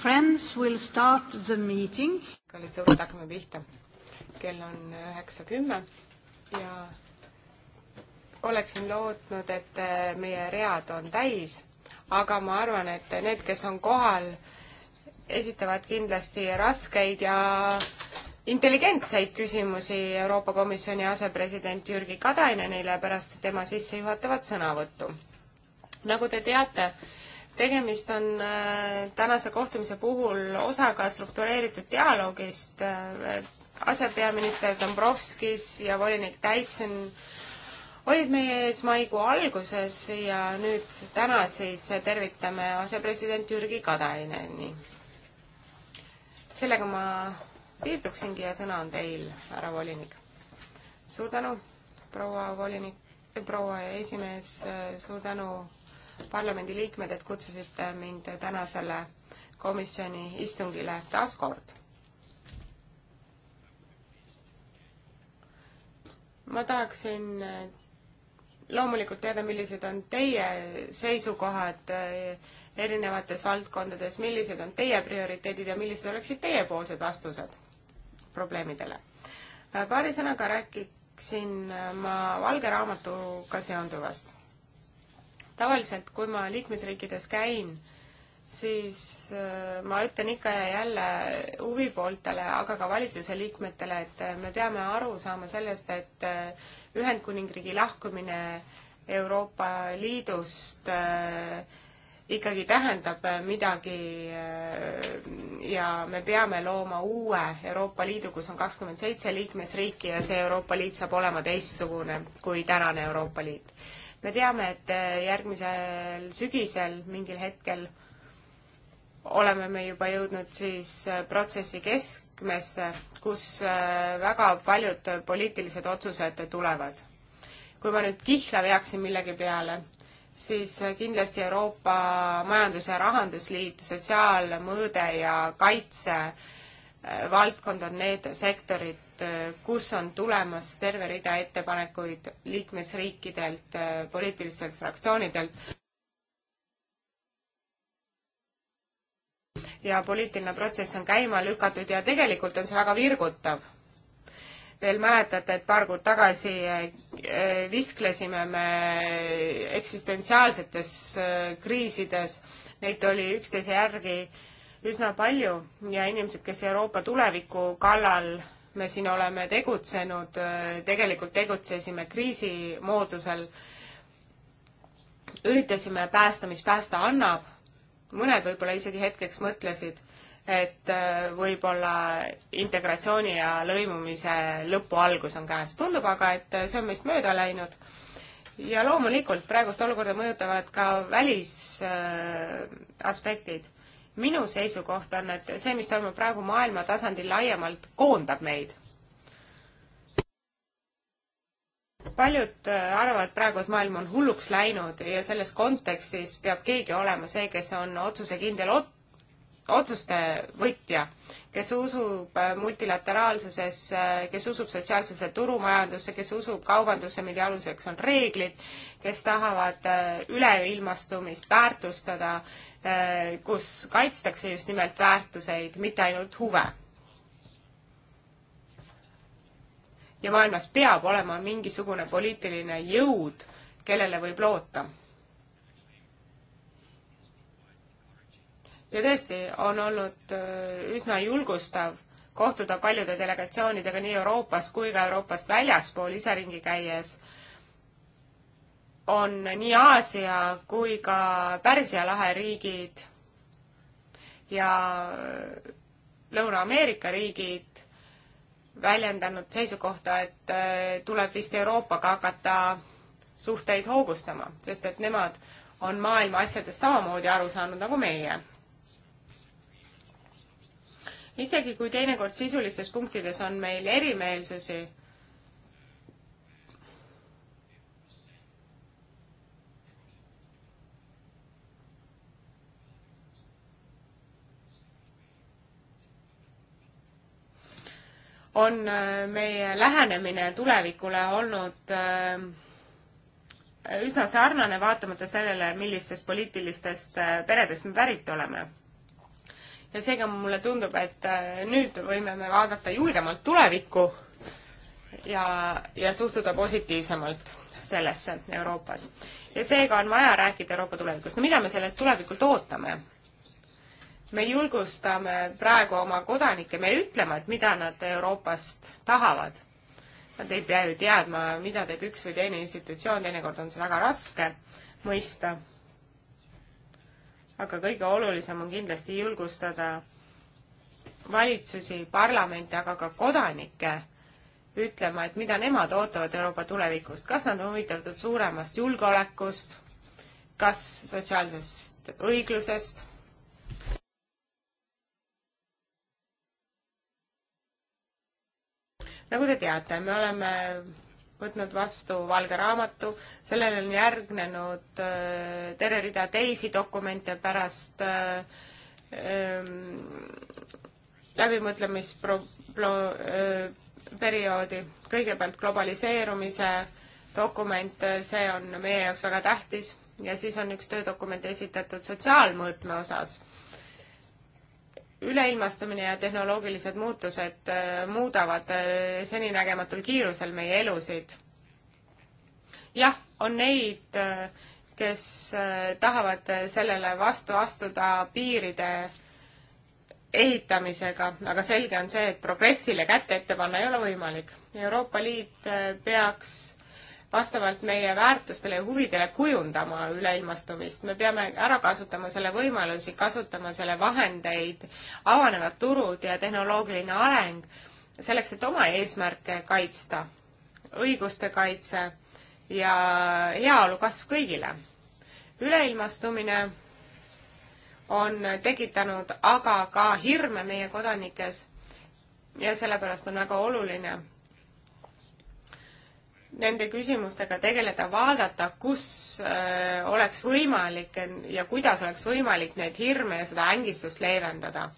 Friends will start the meeting. kallid sõbrad, hakkame pihta. kell on üheksa kümme ja oleksin lootnud, et eh, meie read on täis, aga ma arvan, et need, kes on kohal, esitavad kindlasti raskeid ja intelligentseid küsimusi Euroopa Komisjoni asepresident Jürgi Katainenile pärast tema sissejuhatavat sõnavõttu. nagu te teate, tegemist on äh, tänase kohtumise puhul osaga struktureeritud dialoogist. Äh, asepeaminister Dombrovskis ja volinik Tyson olid meie ees maikuu alguses ja nüüd täna siis tervitame asepresident Jürgi Katainen'i. sellega ma piirduksingi ja sõna on teil, härra volinik. suur tänu, proua volinik, proua esimees, suur tänu parlamendiliikmed, et kutsusite mind tänasele komisjoni istungile taas kord. ma tahaksin loomulikult teada, millised on teie seisukohad eh, erinevates valdkondades, millised on teie prioriteedid ja millised oleksid teiepoolsed vastused probleemidele. Äh, paari sõnaga rääkiksin äh, ma valge raamatuga seonduvast tavaliselt, kui ma liikmesriikides käin, siis äh, ma ütlen ikka ja jälle huvipooltele, aga ka valitsuse liikmetele, et äh, me peame aru saama sellest, et äh, Ühendkuningriigi lahkumine Euroopa Liidust ikkagi tähendab midagi ja me peame looma uue Euroopa Liidu, kus on kakskümmend seitse liikmesriiki ja see Euroopa Liit saab olema teistsugune kui tänane Euroopa Liit me teame, et äh, järgmisel sügisel mingil hetkel oleme me juba jõudnud siis äh, protsessi keskmesse, kus äh, väga paljud poliitilised otsused tulevad. kui ma nüüd kihla veaksin millegi peale, siis kindlasti Euroopa Majandus- ja Rahandusliit, sotsiaalmõõde ja kaitse äh, Äh, valdkond on need sektorid, äh, kus on tulemas terve rida ettepanekuid liikmesriikidelt, äh, poliitilistelt fraktsioonidelt. ja poliitiline protsess on käima lükatud ja tegelikult on see väga virgutav. veel mäletate, et paar kuud tagasi visklesime me eksistentsiaalsetes kriisides, neid oli üksteise järgi äh, üsna palju ja inimesed, kes Euroopa tuleviku kallal me siin oleme tegutsenud, tegelikult tegutsesime kriisi moodusel, üritasime päästa, mis päästa annab, mõned võib-olla isegi hetkeks mõtlesid, et äh, võib-olla integratsiooni ja lõimumise lõpu algus on käes. tundub aga, et see on meist mööda läinud ja loomulikult praegust olukorda mõjutavad ka välisaspektid äh, minu seisukoht on, et see, mis toimub praegu maailma tasandil laiemalt, koondab meid. paljud äh, arvavad praegu, et maailm on hulluks läinud ja selles kontekstis peab keegi olema see, kes on otsusekindel ot-, otsuste võtja, kes usub äh, multilateraalsusesse, kes usub sotsiaalsesse turumajandusse, kes usub kaubandusse, mille aluseks on reeglid, kes tahavad äh, üleilmastumist väärtustada Äh, kus kaitstakse just nimelt väärtuseid, mitte ainult huve. ja maailmas peab olema mingisugune poliitiline jõud, kellele võib loota. ja tõesti, on olnud äh, üsna julgustav kohtuda paljude delegatsioonidega nii Euroopas kui ka Euroopast väljaspool ise ringi käies on nii Aasia kui ka Pärsia lahe riigid ja Lõuna-Ameerika riigid väljendanud seisukohta, et eh, tuleb vist Euroopaga hakata suhteid hoogustama, sest et nemad on maailma asjadest samamoodi aru saanud nagu meie. isegi kui teinekord sisulistes punktides on meil erimeelsusi on äh, meie lähenemine tulevikule olnud äh, üsna sarnane, vaatamata sellele, millistest poliitilistest äh, peredest me pärit oleme. ja seega mulle tundub, et nüüd võime me vaadata julgemalt tulevikku ja, ja suhtuda positiivsemalt sellesse Euroopas. ja seega on vaja rääkida Euroopa tulevikust. no mida me sellelt tulevikult ootame? me julgustame praegu oma kodanikke, me ütleme, et mida nad Euroopast tahavad. Nad ei pea ju teadma, mida teeb üks või teine institutsioon, teinekord on see väga raske mõista. aga kõige olulisem on kindlasti julgustada valitsusi, parlamente, aga ka kodanikke ütlema, et mida nemad ootavad Euroopa tulevikust, kas nad on huvitatud suuremast julgeolekust, kas sotsiaalsest õiglusest nagu te teate, me oleme võtnud vastu valge raamatu, sellele on järgnenud äh, terve rida teisi dokumente pärast äh, ähm, läbimõtlemisperioodi, äh, kõigepealt globaliseerumise dokument, see on meie jaoks väga tähtis ja siis on üks töödokument esitatud sotsiaalmõõtme osas üleilmastumine ja tehnoloogilised muutused äh, muudavad äh, seninägematul kiirusel meie elusid. jah, on neid, äh, kes tahavad sellele vastu astuda piiride ehitamisega, aga selge on see, et progressile kätt ette panna ei ole võimalik. Euroopa Liit peaks vastavalt meie väärtustele ja huvidele kujundama üleilmastumist. me peame ära kasutama selle võimalusi, kasutama selle vahendeid, avanevad turud ja tehnoloogiline areng selleks, et oma eesmärke kaitsta, õiguste kaitse ja heaolu kasv kõigile. üleilmastumine on tekitanud aga ka hirme meie kodanikes ja sellepärast on väga oluline nende küsimustega tegeleda, vaadata, kus öö, äh, oleks võimalik ja kuidas oleks võimalik neid hirme ja seda ängistust leevendada.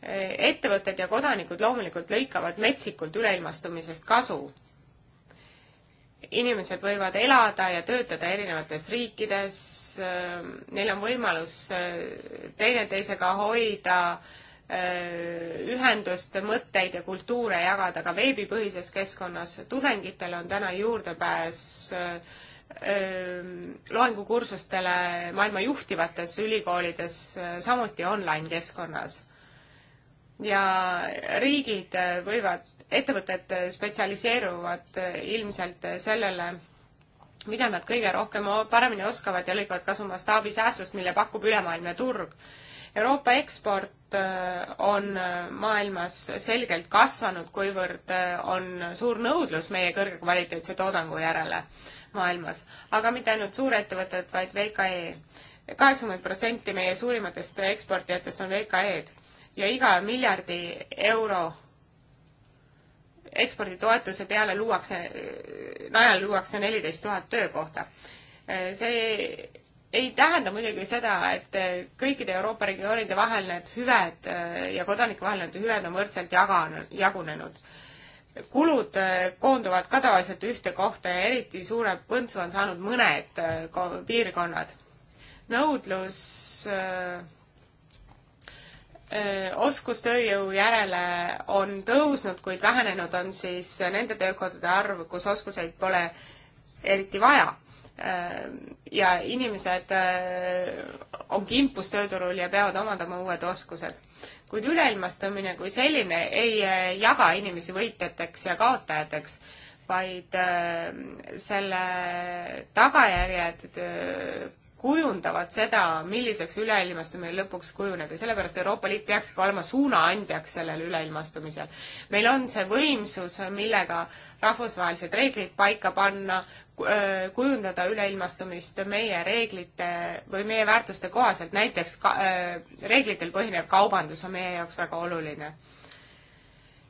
Äh, ettevõtted ja kodanikud loomulikult lõikavad metsikult üleilmastumisest kasu. inimesed võivad elada ja töötada erinevates riikides, äh, neil on võimalus teineteisega hoida öö, Äh, ühendust, mõtteid ja kultuure jagada ka veebipõhises keskkonnas. tudengitel on täna juurdepääs äh, ähm, loengukursustele maailma juhtivates ülikoolides, äh, samuti online keskkonnas. ja riigid võivad, ettevõtted spetsialiseeruvad ilmselt sellele, mida nad kõige rohkem, paremini oskavad ja lõikavad kasu mastaabisäästust, mille pakub ülemaailmne turg Euroopa eksport äh, on äh, maailmas selgelt kasvanud, kuivõrd äh, on suur nõudlus meie kõrgekvaliteetse toodangu järele maailmas. aga mitte ainult suurettevõtted, vaid VKE. kaheksakümmend protsenti meie suurimatest eksportijatest on VKE-d ja iga miljardi euro eksporditoetuse peale luuakse, najal luuakse neliteist tuhat töökohta. see ei tähenda muidugi seda, et kõikide Euroopa regioonide vahel need hüved äh, ja kodanike vahel need hüved on võrdselt jaganud, jagunenud. kulud äh, koonduvad ka tavaliselt ühte kohta ja eriti suure põntsu on saanud mõned äh, piirkonnad. nõudlus öö, oskustööjõu järele on tõusnud, kuid vähenenud on siis nende töökohtade arv, kus oskuseid pole eriti vaja Äh, ja inimesed äh, on kimpus tööturul ja peavad omandama uued oskused. kuid üleilmastumine kui selline ei äh, jaga inimesi võitjateks ja kaotajateks, vaid selle tagajärjed kujundavad seda, milliseks üleilmastumine lõpuks kujuneb ja sellepärast Euroopa Liit peakski olema suunaandjaks sellel üleilmastumisel. meil on see võimsus, millega rahvusvahelised reeglid paika panna, kujundada üleilmastumist meie reeglite või meie väärtuste kohaselt, näiteks ka, reeglitel põhinev kaubandus on meie jaoks väga oluline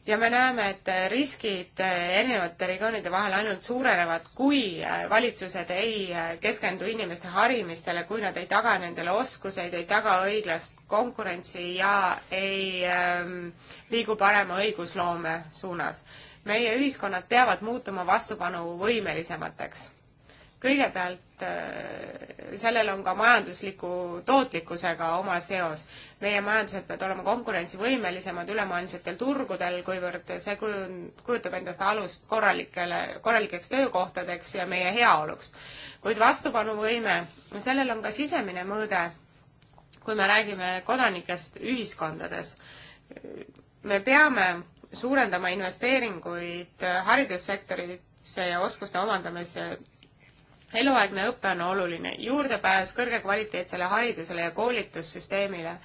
ja me näeme, et riskid eh, erinevate regioonide vahel ainult suurenevad, kui eh, valitsused ei eh, keskendu inimeste harimistele, kui nad ei taga nendele oskuseid, ei taga õiglast konkurentsi ja ei ähm, liigu parema õigusloome suunas. meie ühiskonnad peavad muutuma vastupanuvõimelisemateks kõigepealt äh, sellel on ka majandusliku tootlikkusega oma seos. meie majandused peavad olema konkurentsivõimelisemad ülemaailmsetel turgudel, kuivõrd see kujun-, kujutab endast alust korralikele, korralikeks töökohtadeks ja meie heaoluks. kuid vastupanuvõime, sellel on ka sisemine mõõde, kui me räägime kodanikest ühiskondades. me peame suurendama investeeringuid haridussektorisse ja oskuste omandamisse eluaegne õpe on oluline, juurdepääs kõrgekvaliteetsele haridusele ja koolitussüsteemile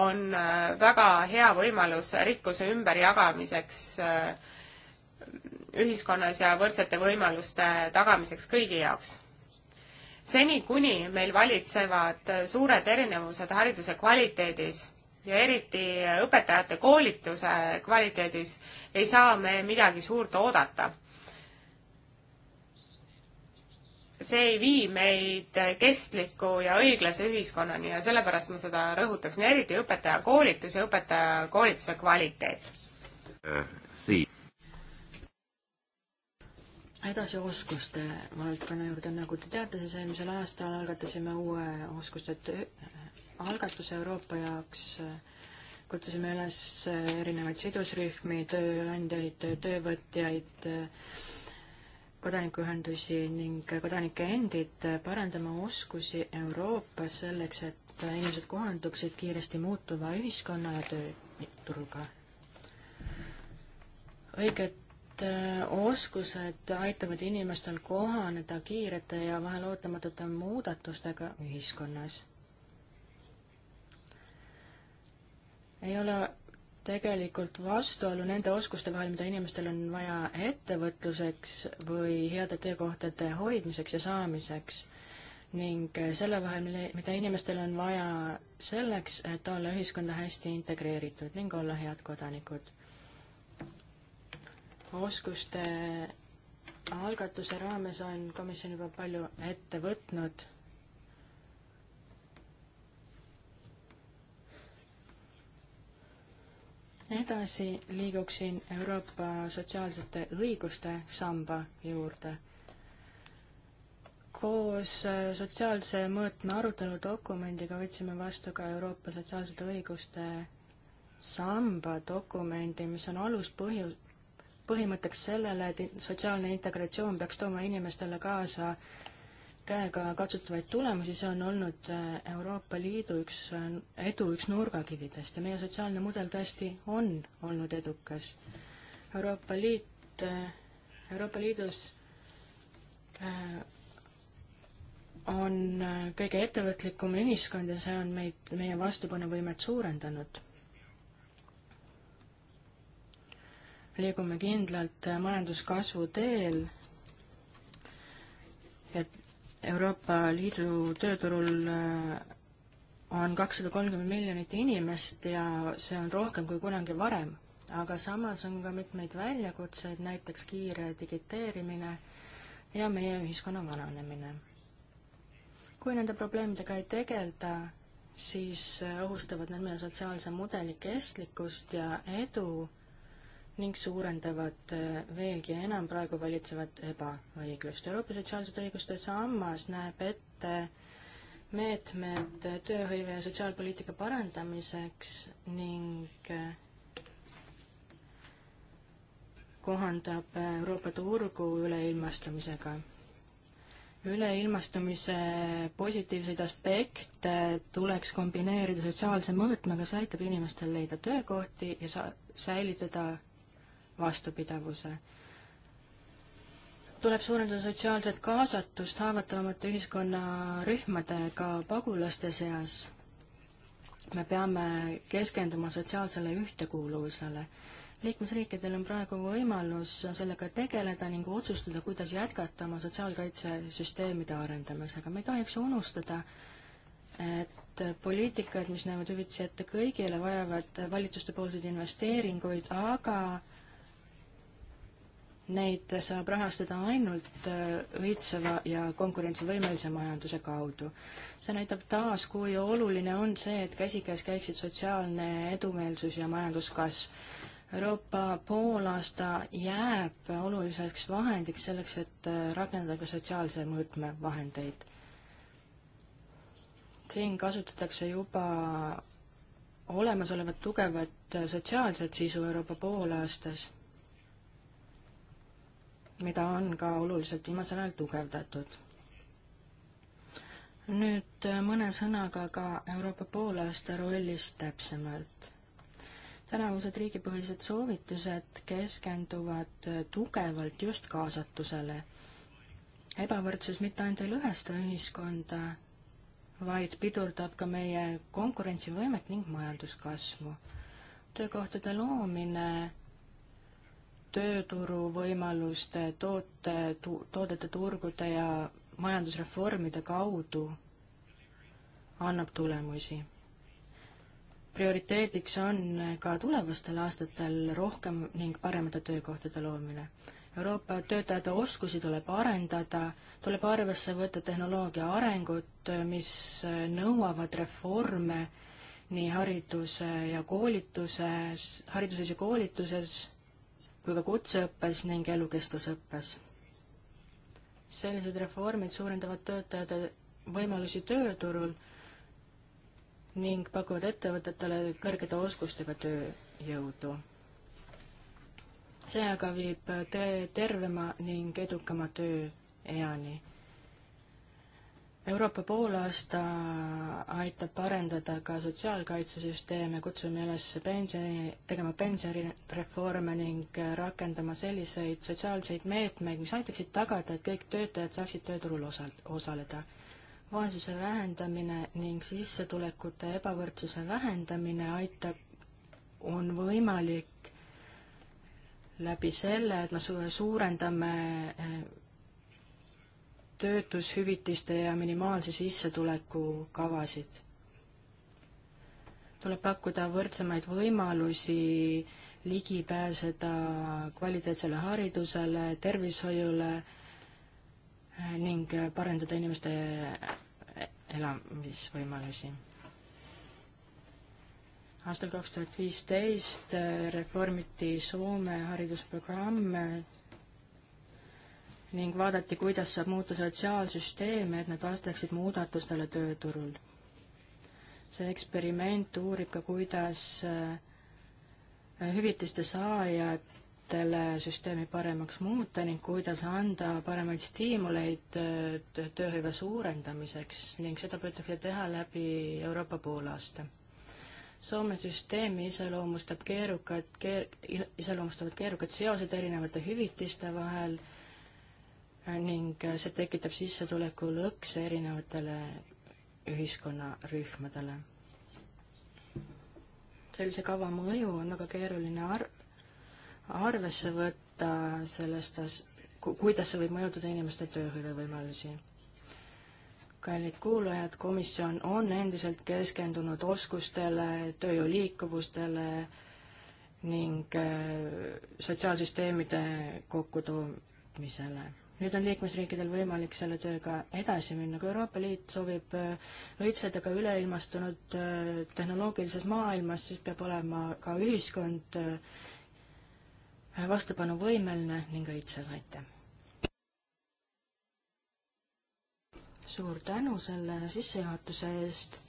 on äh, väga hea võimalus rikkuse ümberjagamiseks äh, ühiskonnas ja võrdsete võimaluste tagamiseks kõigi jaoks. seni, kuni meil valitsevad suured erinevused hariduse kvaliteedis ja eriti õpetajate koolituse kvaliteedis, ei saa me midagi suurt oodata see ei vii meid kestliku ja õiglase ühiskonnani ja sellepärast ma seda rõhutaksin, eriti õpetajakoolitus ja õpetajakoolituse kvaliteet äh,. Sii-. edasi oskuste valdkonna juurde, nagu te teate, siis eelmisel aastal algatasime uue oskuste algatuse Euroopa jaoks kutsusime üles erinevaid sidusrühmi, tööandjaid, töövõtjaid, töövõtjaid kodanikuühendusi ning kodanike endid parandama oskusi Euroopas selleks, et inimesed kohanduksid kiiresti muutuva ühiskonna ja tööturuga. õiged äh, oskused aitavad inimestel kohaneda kiirete ja vahel ootamatute muudatustega ühiskonnas. ei ole tegelikult vastuolu nende oskuste vahel, mida inimestel on vaja ettevõtluseks või heade töökohtade hoidmiseks ja saamiseks ning eh, selle vahel, mille, mida inimestel on vaja selleks, et olla ühiskonda hästi integreeritud ning olla head kodanikud. oskuste algatuse raames on komisjon juba palju ette võtnud edasi liiguksin Euroopa sotsiaalsete õiguste samba juurde. koos äh, sotsiaalse mõõtme arutelu dokumendiga võtsime vastu ka Euroopa sotsiaalsete õiguste samba dokumendi, mis on aluspõhjus, põhimõtteks sellele, et sotsiaalne integratsioon peaks tooma inimestele kaasa käegakatsutavaid tulemusi, see on olnud äh, Euroopa Liidu üks äh, edu üks nurgakividest ja meie sotsiaalne mudel tõesti on olnud edukas. Euroopa Liit, äh, Euroopa Liidus on kõige ettevõtlikum ühiskond ja see on meid, meie vastupanuvõimet suurendanud. liigume kindlalt majanduskasvu teel et Euroopa Liidu tööturul äh, on kakssada kolmkümmend miljonit inimest ja see on rohkem kui kunagi varem. aga samas on ka mitmeid väljakutseid, näiteks kiire digiteerimine ja meie ühiskonna vananemine. kui nende probleemidega ei tegelda, siis ohustavad need meie sotsiaalse mudeli kestlikkust ja edu ning suurendavad äh, veelgi enam praegu valitsevat ebaõiglust. Euroopa sotsiaalsete õiguste sammas näeb ette meetmed tööhõive ja sotsiaalpoliitika parandamiseks ning äh, kohandab äh, Euroopa turgu üleilmastumisega. üleilmastumise positiivseid aspekte tuleks kombineerida sotsiaalse mõõtmega, see aitab inimestel leida töökohti ja sa-, säilitada vastupidavuse. tuleb suurendada sotsiaalset kaasatust haavatavamate ühiskonnarühmadega pagulaste seas. me peame keskenduma sotsiaalsele ühtekuuluvusele liikmesriikidel on praegu võimalus sellega tegeleda ning otsustada, kuidas jätkata oma sotsiaalkaitsesüsteemide arendamisega. me ei tohiks unustada, et poliitikad, mis näevad hüvitisi ette kõigile, vajavad valitsuste poolseid investeeringuid, aga Neid saab rahastada ainult äh, õitseva ja konkurentsivõimelise majanduse kaudu. see näitab taas, kui oluline on see, et käsikäes käiksid sotsiaalne edumeelsus ja majanduskasv. Euroopa poolaasta jääb oluliseks vahendiks selleks, et äh, rakendada ka sotsiaalse mõõtme vahendeid. siin kasutatakse juba olemasolevat tugevat äh, sotsiaalset sisu Euroopa poolaastas mida on ka oluliselt viimasel ajal tugevdatud. nüüd äh, mõne sõnaga ka Euroopa poolaasta rollist täpsemalt. tänavused riigipõhised soovitused keskenduvad äh, tugevalt just kaasatusele. ebavõrdsus mitte ainult ei lõhesta ühiskonda, vaid pidurdab ka meie konkurentsivõimet ning majanduskasvu. töökohtade loomine tööturu võimaluste, toote, toodete turgude ja majandusreformide kaudu annab tulemusi. prioriteediks on ka tulevastel aastatel rohkem ning paremate töökohtade loomine. Euroopa töötajate oskusi tuleb arendada, tuleb arvesse võtta tehnoloogia arengut, mis nõuavad reforme nii hariduse ja koolituses, hariduses ja koolituses kui ka kutseõppes ning elukestvas õppes. sellised reformid suurendavad töötajate võimalusi tööturul ning pakuvad ettevõtetele kõrgete oskustega tööjõudu. see aga viib tee tervema ning edukama tööeani Euroopa poolaasta aitab arendada ka sotsiaalkaitsesüsteeme, kutsume üles pensioni, tegema pensionireforme ning rakendama selliseid sotsiaalseid meetmeid, mis aitaksid tagada, et kõik töötajad saaksid tööturul osa, osaleda. vaesuse vähendamine ning sissetulekute ebavõrdsuse vähendamine aitab, on võimalik läbi selle, et me suurendame eh, töötushüvitiste ja minimaalse sissetuleku kavasid. tuleb pakkuda võrdsemaid võimalusi ligi pääseda kvaliteetsele haridusele, tervishoiule ning parendada inimeste elamisvõimalusi. aastal kaks tuhat viisteist reformiti Soome haridusprogramm ning vaadati, kuidas saab muuta sotsiaalsüsteeme, et nad vastaksid muudatustele tööturul. see eksperiment uurib ka, kuidas äh, hüvitiste saajatele süsteemi paremaks muuta ning kuidas anda paremaid stiimuleid äh, tööhõive suurendamiseks ning seda püütakse teha läbi Euroopa poolaasta Soome süsteemi iseloomustab keerukad keer,, iseloomustavad keerukad seosed erinevate hüvitiste vahel ning see tekitab sissetuleku lõkse erinevatele ühiskonnarühmadele. sellise kava mõju on väga keeruline ar-, arvesse võtta sellest as-, ku-, kuidas see võib mõjutada inimeste tööhõivevõimalusi. kallid kuulajad, komisjon on endiselt keskendunud oskustele, tööjõu liikuvustele ning äh, sotsiaalsüsteemide kokkutoomisele nüüd on liikmesriikidel võimalik selle tööga edasi minna. kui Euroopa Liit soovib äh, õitseda ka üleilmastunud äh, tehnoloogilises maailmas, siis peab olema ka ühiskond äh, vastupanuvõimeline ning õitsev, aitäh! suur tänu selle sissejuhatuse eest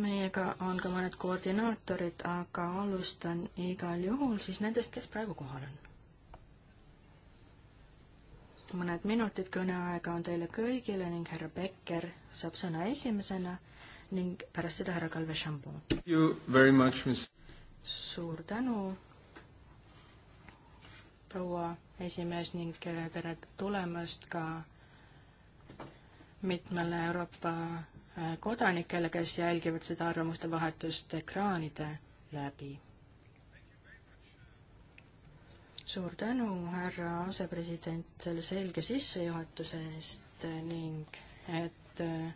meiega on ka mõned koordinaatorid, aga alustan igal juhul siis nendest, kes praegu kohal on. mõned minutid kõneaega on teile kõigile ning härra Becker saab sõna esimesena ning pärast seda härra Kalve Šambon. suur tänu, proua esimees ning tere tulemast ka mitmele Euroopa kodanikele, kes jälgivad seda arvamuste vahetust ekraanide läbi. suur tänu, härra asepresident, selle selge sissejuhatuse eest ning et äh,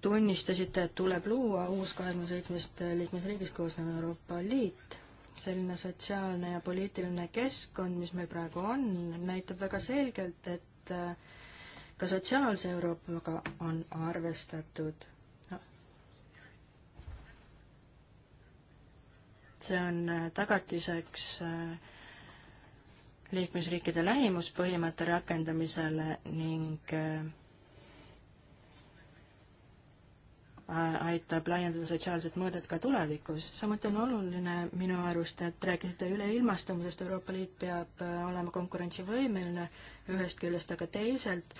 tunnistasite, et tuleb luua uus kahekümne seitsmest liikmesriigist koosnev Euroopa Liit selline sotsiaalne ja poliitiline keskkond, mis meil praegu on, näitab väga selgelt, et äh, ka sotsiaalse Euroopaga on arvestatud. see on äh, tagatiseks äh, liikmesriikide lähimuspõhimõtte rakendamisele ning äh, aitab laiendada sotsiaalset mõõdet ka tulevikus. samuti on oluline minu arust, et rääkisite üleilmastumisest, Euroopa Liit peab olema konkurentsivõimeline ühest küljest, aga teisalt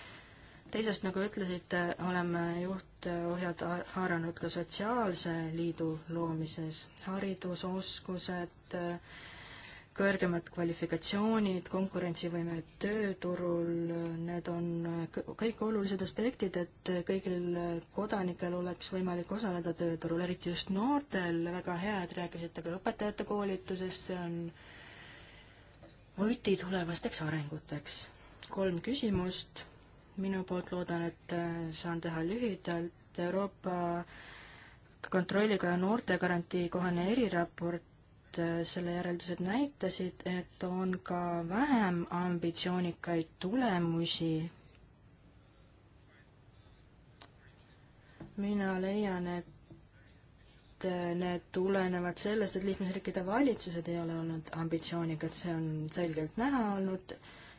teisest, nagu ütlesite, oleme juhtohjad haaranud ka sotsiaalse liidu loomises. haridus, oskused, kõrgemad kvalifikatsioonid, konkurentsivõime tööturul, need on kõik olulised aspektid, et kõigil kodanikel oleks võimalik osaleda tööturul, eriti just noortel, väga hea, et rääkisite ka õpetajate koolitusest, see on võti tulevasteks arenguteks. kolm küsimust minu poolt loodan, et äh, saan teha lühidalt. Euroopa Kontrollikoja noortegarantii kohane eriraport, äh, selle järeldused näitasid, et on ka vähem ambitsioonikaid tulemusi. mina leian, et äh, need tulenevad sellest, et liikmesriikide valitsused ei ole olnud ambitsioonikad, see on selgelt näha olnud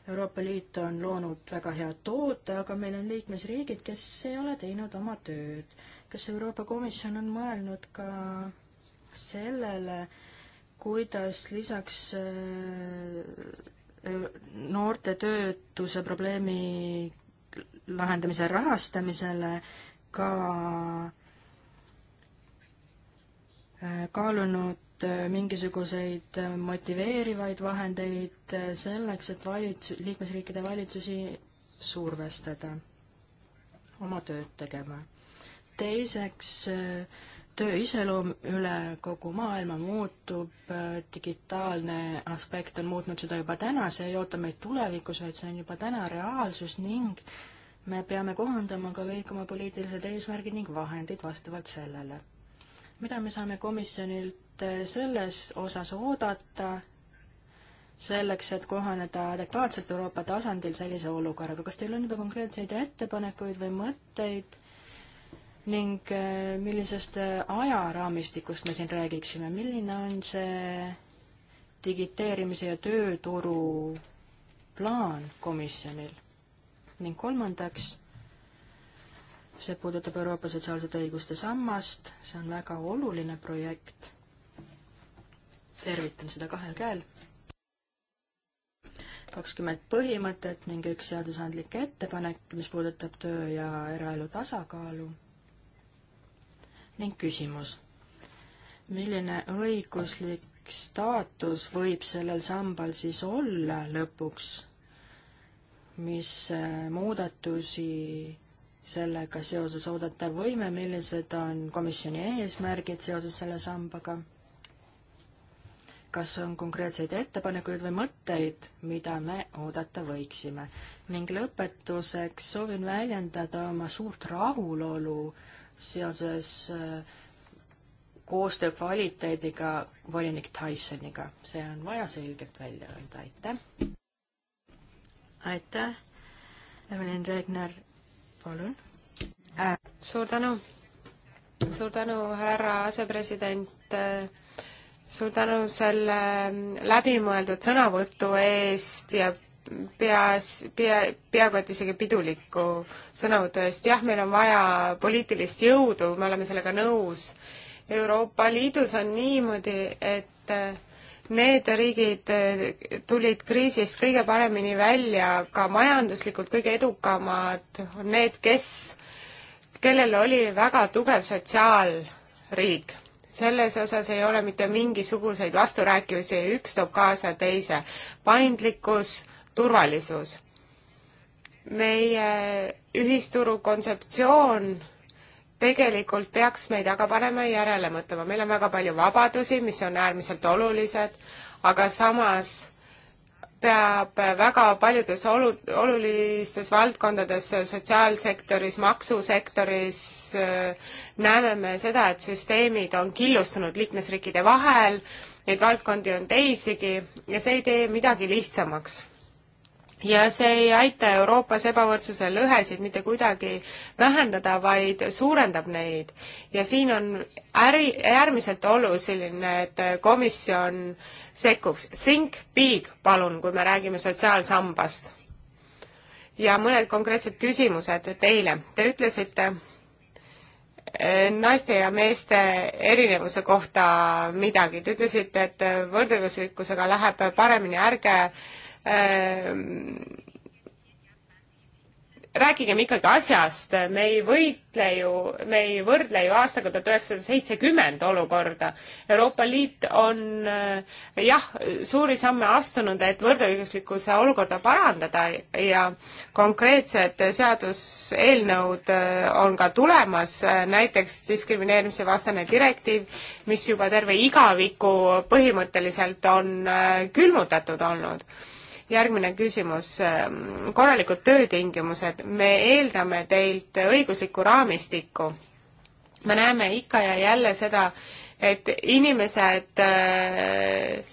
Euroopa Liit on loonud väga hea toote, aga meil on liikmesriigid, kes ei ole teinud oma tööd. kas Euroopa Komisjon on mõelnud ka sellele, kuidas lisaks äh, noorte töötuse probleemi lahendamise rahastamisele ka äh, kaalunud Äh, mingisuguseid äh, motiveerivaid vahendeid äh, selleks, et valitsu-, liikmesriikide valitsusi survestada oma tööd tegema. teiseks, töö iseloom üle kogu maailma muutub, digitaalne aspekt on muutnud seda juba täna, see ei oota meid tulevikus, vaid see on juba täna reaalsus ning me peame kohandama ka kõik oma poliitilised eesmärgid ning vahendid vastavalt sellele mida me saame komisjonilt eh, selles osas oodata, selleks, et kohaneda adekvaatselt Euroopa tasandil sellise olukorraga, kas teil on juba konkreetseid ettepanekuid või mõtteid ning eh, millisest eh, ajaraamistikust me siin räägiksime, milline on see digiteerimise ja tööturu plaan komisjonil? ning kolmandaks see puudutab Euroopa sotsiaalsete õiguste sammast, see on väga oluline projekt. tervitan seda kahel käel. kakskümmend põhimõtet ning üks seadusandlik ettepanek, mis puudutab töö ja eraelu tasakaalu. ning küsimus, milline õiguslik staatus võib sellel sambal siis olla lõpuks, mis äh, muudatusi sellega seoses oodata võime, millised on komisjoni eesmärgid seoses selle sambaga? kas on konkreetseid ettepanekuid või mõtteid, mida me oodata võiksime? ning lõpetuseks soovin väljendada oma suurt rahulolu seoses äh, koostöö kvaliteediga volinik Tysoniga. see on vaja selgelt välja öelda, aitäh! aitäh, Evelyn Regner palun. suur tänu. suur tänu, härra asepresident. suur tänu selle läbimõeldud sõnavõtu eest ja peas, pea, peaaegu et isegi piduliku sõnavõtu eest. jah, meil on vaja poliitilist jõudu, me oleme sellega nõus. Euroopa Liidus on niimoodi, et Need riigid eh, tulid kriisist kõige paremini välja, ka majanduslikult kõige edukamad on need, kes, kellel oli väga tugev sotsiaalriik. selles osas ei ole mitte mingisuguseid vasturääkivusi, üks toob kaasa teise. paindlikkus, turvalisus. meie ühisturu kontseptsioon tegelikult peaks meid aga panema järele mõtlema, meil on väga palju vabadusi, mis on äärmiselt olulised, aga samas peab väga paljudes olu-, olulistes valdkondades, sotsiaalsektoris, maksusektoris, äh, näeme me seda, et süsteemid on killustunud liikmesriikide vahel, neid valdkondi on teisigi ja see ei tee midagi lihtsamaks ja see ei aita Euroopas ebavõrdsuse lõhesid mitte kuidagi vähendada, vaid suurendab neid. ja siin on äri, äärmiselt oluline, et komisjon sekkuks. Think big, palun, kui me räägime sotsiaalsambast. ja mõned konkreetsed küsimused teile. Te ütlesite eh, naiste ja meeste erinevuse kohta midagi. Te ütlesite, et võrdõiguslikkusega läheb paremini, ärge äh, Ehm, rääkigem ikkagi asjast, me ei võitle ju, me ei võrdle ju aastaga tuhat üheksasada seitsekümmend olukorda. Euroopa Liit on eh, jah, suuri samme astunud, et võrdõiguslikkuse olukorda parandada ja konkreetsed seaduseelnõud eh, on ka tulemas, eh, näiteks diskrimineerimise vastane direktiiv, mis juba terve igaviku põhimõtteliselt on külmutatud olnud järgmine küsimus, ähm, korralikud töötingimused, me eeldame teilt õiguslikku raamistikku. me näeme ikka ja jälle seda, et inimesed äh,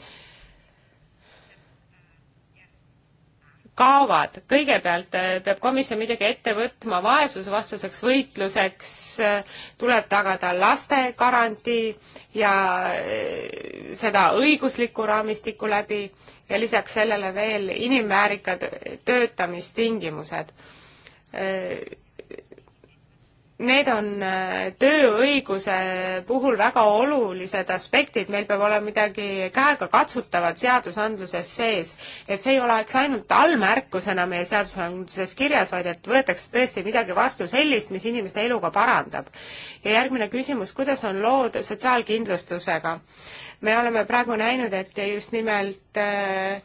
kaovad. kõigepealt eh, peab komisjon midagi ette võtma vaesusvastaseks võitluseks, eh, tuleb tagada laste garantii ja eh, seda õigusliku raamistiku läbi ja lisaks sellele veel inimväärikad töötamistingimused need on äh, tööõiguse puhul väga olulised aspektid, meil peab olema midagi käegakatsutavat seadusandluses sees, et see ei oleks ainult allmärkusena meie seadusandluses kirjas, vaid et võetakse tõesti midagi vastu sellist, mis inimeste eluga parandab. ja järgmine küsimus, kuidas on lood sotsiaalkindlustusega? me oleme praegu näinud, et just nimelt äh,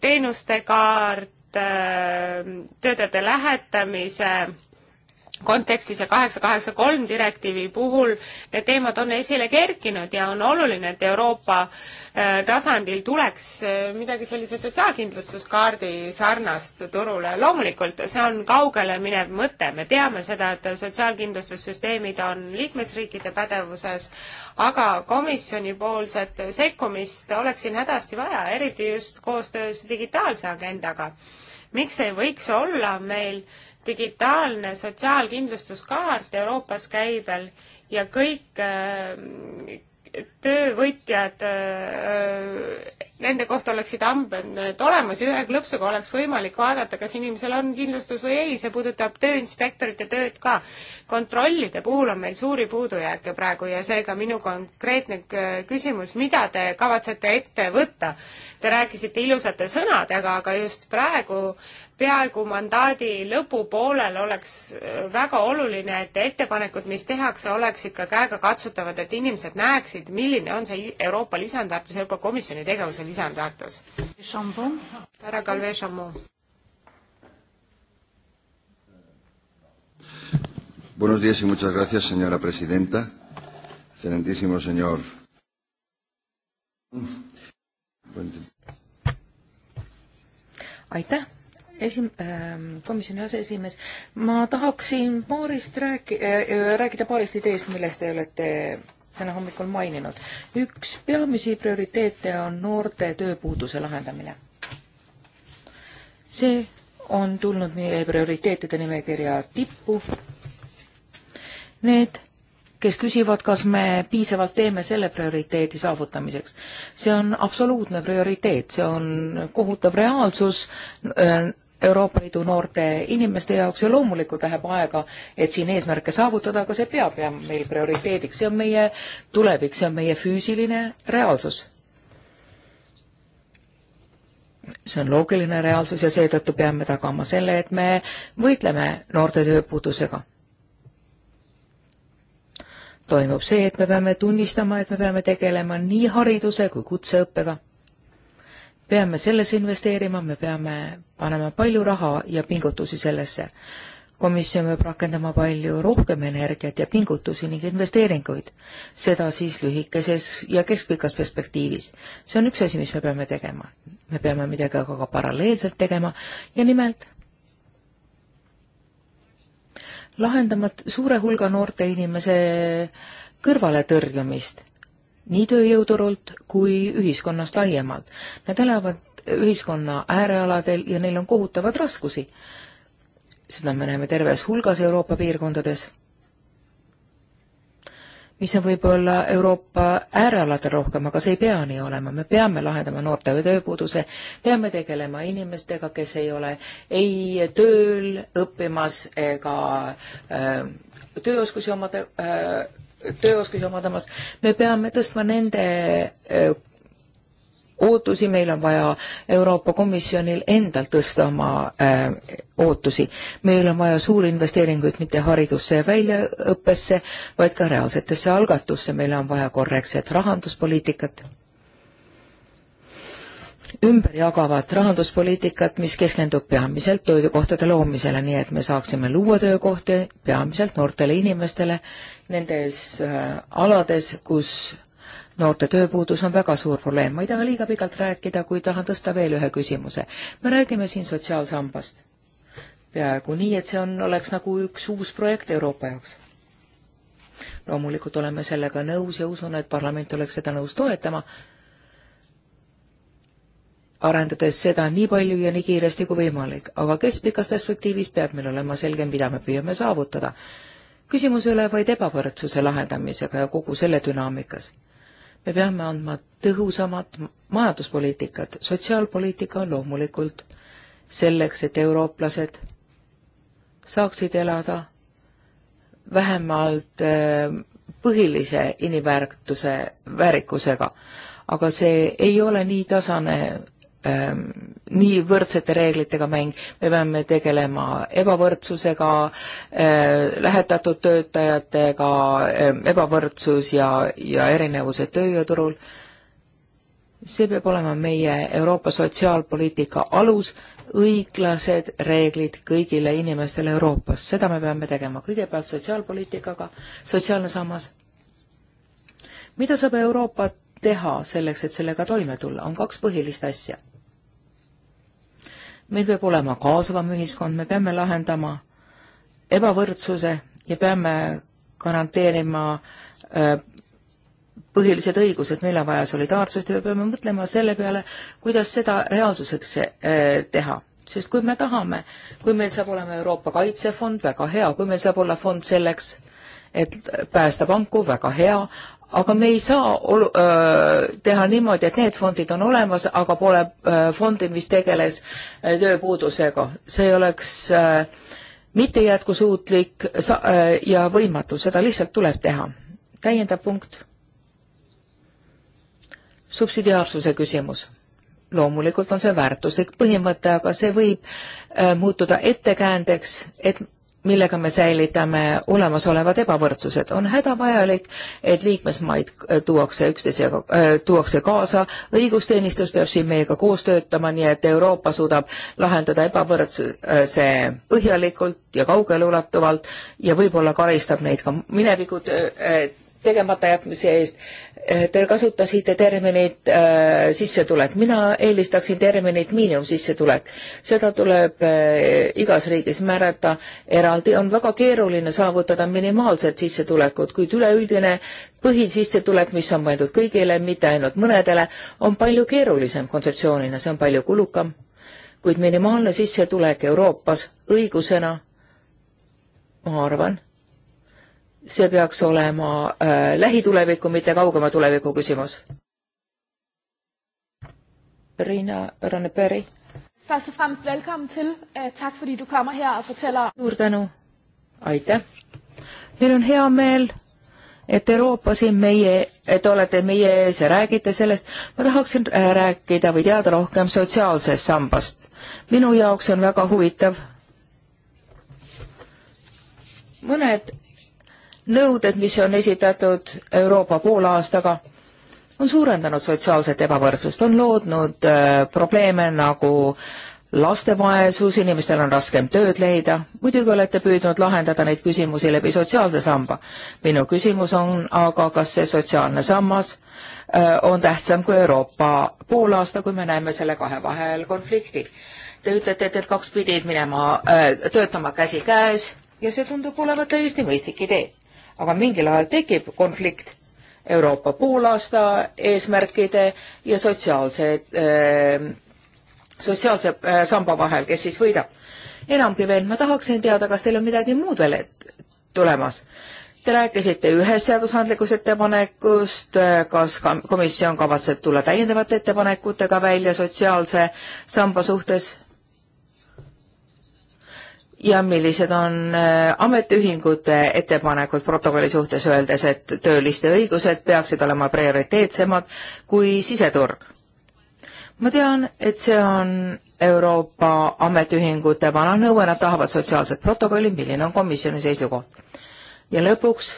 teenuste kaart, äh, töötajate lähetamise kontekstis ja kaheksa kaheksa kolm direktiivi puhul need teemad on esile kerkinud ja on oluline, et Euroopa äh, tasandil tuleks äh, midagi sellise sotsiaalkindlustuskaardi sarnast turule. loomulikult see on kaugele minev mõte, me teame seda, et sotsiaalkindlustussüsteemid on liikmesriikide pädevuses, aga komisjonipoolset sekkumist oleks siin hädasti vaja, eriti just koostöös digitaalse agendaga. miks ei võiks olla meil äh, digitaalne sotsiaalkindlustuskaart Euroopas käibel ja kõik äh, töövõtjad äh, nende kohta oleksid andmed olemas ja ühe klõpsuga oleks võimalik vaadata, kas inimesel on kindlustus või ei, see puudutab tööinspektorite tööd ka. kontrollide puhul on meil suuri puudujääke praegu ja seega minu konkreetne küsimus, mida te kavatsete ette võtta? Te rääkisite ilusate sõnadega, aga just praegu peaaegu mandaadi lõpupoolel oleks äh, väga oluline, et ettepanekud, mis tehakse, oleksid ka käegakatsutavad, et inimesed näeksid, milline on see Euroopa lisandväärtus Euroopa Komisjoni tegevusel lisandväärtus. härra Calvet Chambon. Buenos días y muchas gracias, señora presidenta. Excelentísimo señor. aitäh, esim- äh,, komisjoni aseesimees. ma tahaksin paarist rääki- äh,, rääkida paarist ideest, millest te olete täna hommikul maininud. üks peamisi prioriteete on noorte tööpuuduse lahendamine. see on tulnud meie prioriteetide nimekirja tippu. Need, kes küsivad, kas me piisavalt teeme selle prioriteedi saavutamiseks. see on absoluutne prioriteet, see on kohutav reaalsus Euroopa Liidu noorte inimeste jaoks ja loomulikult läheb aega, et siin eesmärke saavutada, aga see peab jääma meil prioriteediks, see on meie tulevik, see on meie füüsiline reaalsus. see on loogiline reaalsus ja seetõttu peame tagama selle, et me võitleme noorte tööpuudusega. toimub see, et me peame tunnistama, et me peame tegelema nii hariduse kui kutseõppega peame sellesse investeerima, me peame panema palju raha ja pingutusi sellesse. komisjon peab rakendama palju rohkem energiat ja pingutusi ning investeeringuid, seda siis lühikeses ja keskpikas perspektiivis. see on üks asi, mis me peame tegema. me peame midagi aga ka paralleelselt tegema ja nimelt lahendama suure hulga noorte inimese kõrvaletõrjumist nii tööjõuturult kui ühiskonnast laiemalt. Nad elavad ühiskonna äärealadel ja neil on kohutavad raskusi. seda me näeme terves hulgas Euroopa piirkondades, mis on võib-olla Euroopa äärealadel rohkem, aga see ei pea nii olema, me peame lahendama noorte tööpuuduse, peame tegelema inimestega, kes ei ole ei tööl õppimas ega äh, tööoskusi omada äh, tööoskusi omandamas, me peame tõstma nende äh, ootusi, meil on vaja Euroopa Komisjonil endal tõsta oma äh, ootusi. meil on vaja suuri investeeringuid mitte haridusse ja väljaõppesse, vaid ka reaalsetesse algatusse, meil on vaja korrektset rahanduspoliitikat ümber jagavat rahanduspoliitikat, mis keskendub peamiselt töökohtade loomisele, nii et me saaksime luua töökohti peamiselt noortele inimestele nendes äh, alades, kus noorte tööpuudus on väga suur probleem. ma ei taha liiga pikalt rääkida, kuid tahan tõsta veel ühe küsimuse. me räägime siin sotsiaalsambast. peaaegu nii, et see on, oleks nagu üks uus projekt Euroopa jaoks. loomulikult oleme sellega nõus ja usun, et parlament oleks seda nõus toetama arendades seda nii palju ja nii kiiresti kui võimalik, aga keskpikas perspektiivis peab meil olema selgem, mida me püüame saavutada. küsimus ei ole vaid ebavõrdsuse lahendamisega ja kogu selle dünaamikas. me peame andma tõhusamat majanduspoliitikat, sotsiaalpoliitika loomulikult, selleks, et eurooplased saaksid elada vähemalt äh, põhilise inimväärtuse väärikusega aga see ei ole nii tasane ähm, nii võrdsete reeglitega mäng, me peame tegelema ebavõrdsusega äh,, lähetatud töötajatega äh,, ebavõrdsus ja, ja erinevused tööjõuturul. see peab olema meie Euroopa sotsiaalpoliitika alus, õiglased reeglid kõigile inimestele Euroopas, seda me peame tegema kõigepealt sotsiaalpoliitikaga, sotsiaalne sammas. mida saab Euroopa teha selleks, et sellega toime tulla, on kaks põhilist asja meil peab olema kaasavam ühiskond, me peame lahendama ebavõrdsuse ja peame garanteerima äh, põhilised õigused, meil on vaja solidaarsust ja me peame mõtlema selle peale, kuidas seda reaalsuseks äh, teha. sest kui me tahame, kui meil saab olema Euroopa Kaitsefond, väga hea, kui meil saab olla fond selleks, et päästa panku, väga hea, aga me ei saa olu, öö, teha niimoodi, et need fondid on olemas, aga pole öö, fondi, mis tegeles öö, tööpuudusega. see oleks öö, mitte jätkusuutlik sa, öö, ja võimatu, seda lihtsalt tuleb teha. täiendav punkt. subsidiaarsuse küsimus. loomulikult on see väärtuslik põhimõte, aga see võib öö, muutuda ettekäändeks, et millega me säilitame olemasolevad ebavõrdsused. on hädavajalik, et liikmesmaid äh, tuuakse üksteisega äh,, tuuakse kaasa, õigusteenistus peab siin meiega koos töötama, nii et Euroopa suudab lahendada ebavõrdsuse põhjalikult ja kaugeleulatuvalt ja võib-olla karistab neid ka minevikud äh, tegematajätmise eest. Eh, Te kasutasite terminit äh, sissetulek, mina eelistaksin terminit miinimumsissetulek. seda tuleb äh, igas riigis määrata eraldi, on väga keeruline saavutada minimaalset sissetulekut, kuid üleüldine põhisissetulek, mis on mõeldud kõigile, mitte ainult mõnedele, on palju keerulisem kontseptsioonina, see on palju kulukam. kuid minimaalne sissetulek Euroopas õigusena, ma arvan see peaks olema äh, lähituleviku, mitte kaugema tuleviku küsimus. Riina Ranneperi. Først og fremmest velkommen til. Eh, äh, tak fordi du kommer her og fortæller. Suur tänu. Aitäh. Meil on hea meel, et Euroopa siin meie, et olete meie ees ja räägite sellest. Ma tahaksin äh, rääkida või teada rohkem sotsiaalsest sambast. Minu jaoks on väga huvitav mõned nõuded, mis on esitatud Euroopa poolaastaga, on suurendanud sotsiaalset ebavõrdsust, on loodnud äh, probleeme nagu laste vaesus, inimestel on raskem tööd leida, muidugi olete püüdnud lahendada neid küsimusi läbi sotsiaalse samba. minu küsimus on aga, kas see sotsiaalne sammas äh, on tähtsam kui Euroopa poolaasta, kui me näeme selle kahe vahel konflikti? Te ütlete, et, et kaks pidid minema äh,, töötama käsikäes ja see tundub olevat täiesti mõistlik idee aga mingil ajal tekib konflikt Euroopa poolaasta eesmärkide ja sotsiaalse äh,, sotsiaalse äh, samba vahel, kes siis võidab. enamgi veel, ma tahaksin teada, kas teil on midagi muud veel tulemas? Te rääkisite ühest seadusandlikust ettepanekust, äh, kas komisjon kavatseb tulla täiendavate ettepanekutega välja sotsiaalse samba suhtes? ja millised on äh, ametiühingute ettepanekud protokolli suhtes, öeldes, et tööliste õigused peaksid olema prioriteetsemad kui siseturg? ma tean, et see on Euroopa ametiühingute vana nõue, nad tahavad sotsiaalset protokolli, milline on komisjoni seisukoht. ja lõpuks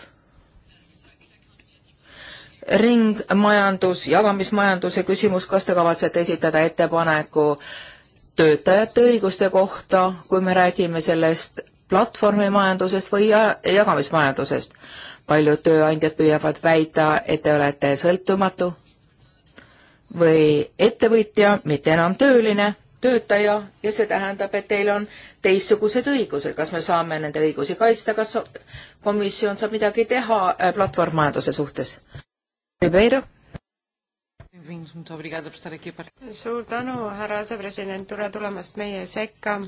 ringmajandus, jagamismajanduse küsimus, kas te kavatsete esitada ettepaneku äh, töötajate õiguste kohta, kui me räägime sellest platvormimajandusest või jagamismajandusest. paljud tööandjad püüavad väita, et te olete sõltumatu või ettevõtja, mitte enam tööline, töötaja ja see tähendab, et teil on teistsugused õigused, kas me saame nende õigusi kaitsta, kas komisjon saab midagi teha äh, platvormmajanduse suhtes? Ribeiro suur tänu, härra asepresident, tule tulemast meie sekka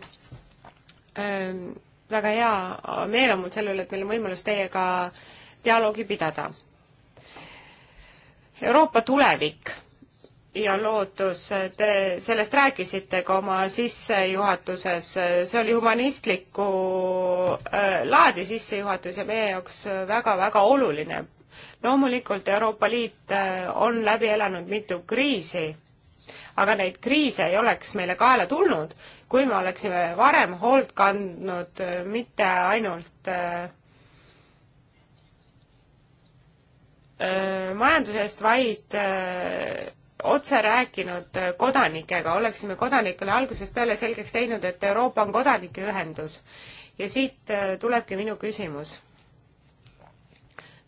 ähm,. väga hea meel on mul selle üle, et meil on võimalus teiega dialoogi pidada. Euroopa tulevik ja lootus, te sellest rääkisite ka oma sissejuhatuses, see oli humanistliku äh, laadi sissejuhatus ja meie jaoks väga-väga oluline loomulikult Euroopa Liit äh, on läbi elanud mitu kriisi, aga neid kriise ei oleks meile kaela tulnud, kui me oleksime varem hoolt kandnud äh, mitte ainult äh, äh majandusest, vaid öö, otse rääkinud kodanikega, oleksime kodanikele algusest peale selgeks teinud, et Euroopa on kodanike ühendus. ja siit öö, tulebki minu küsimus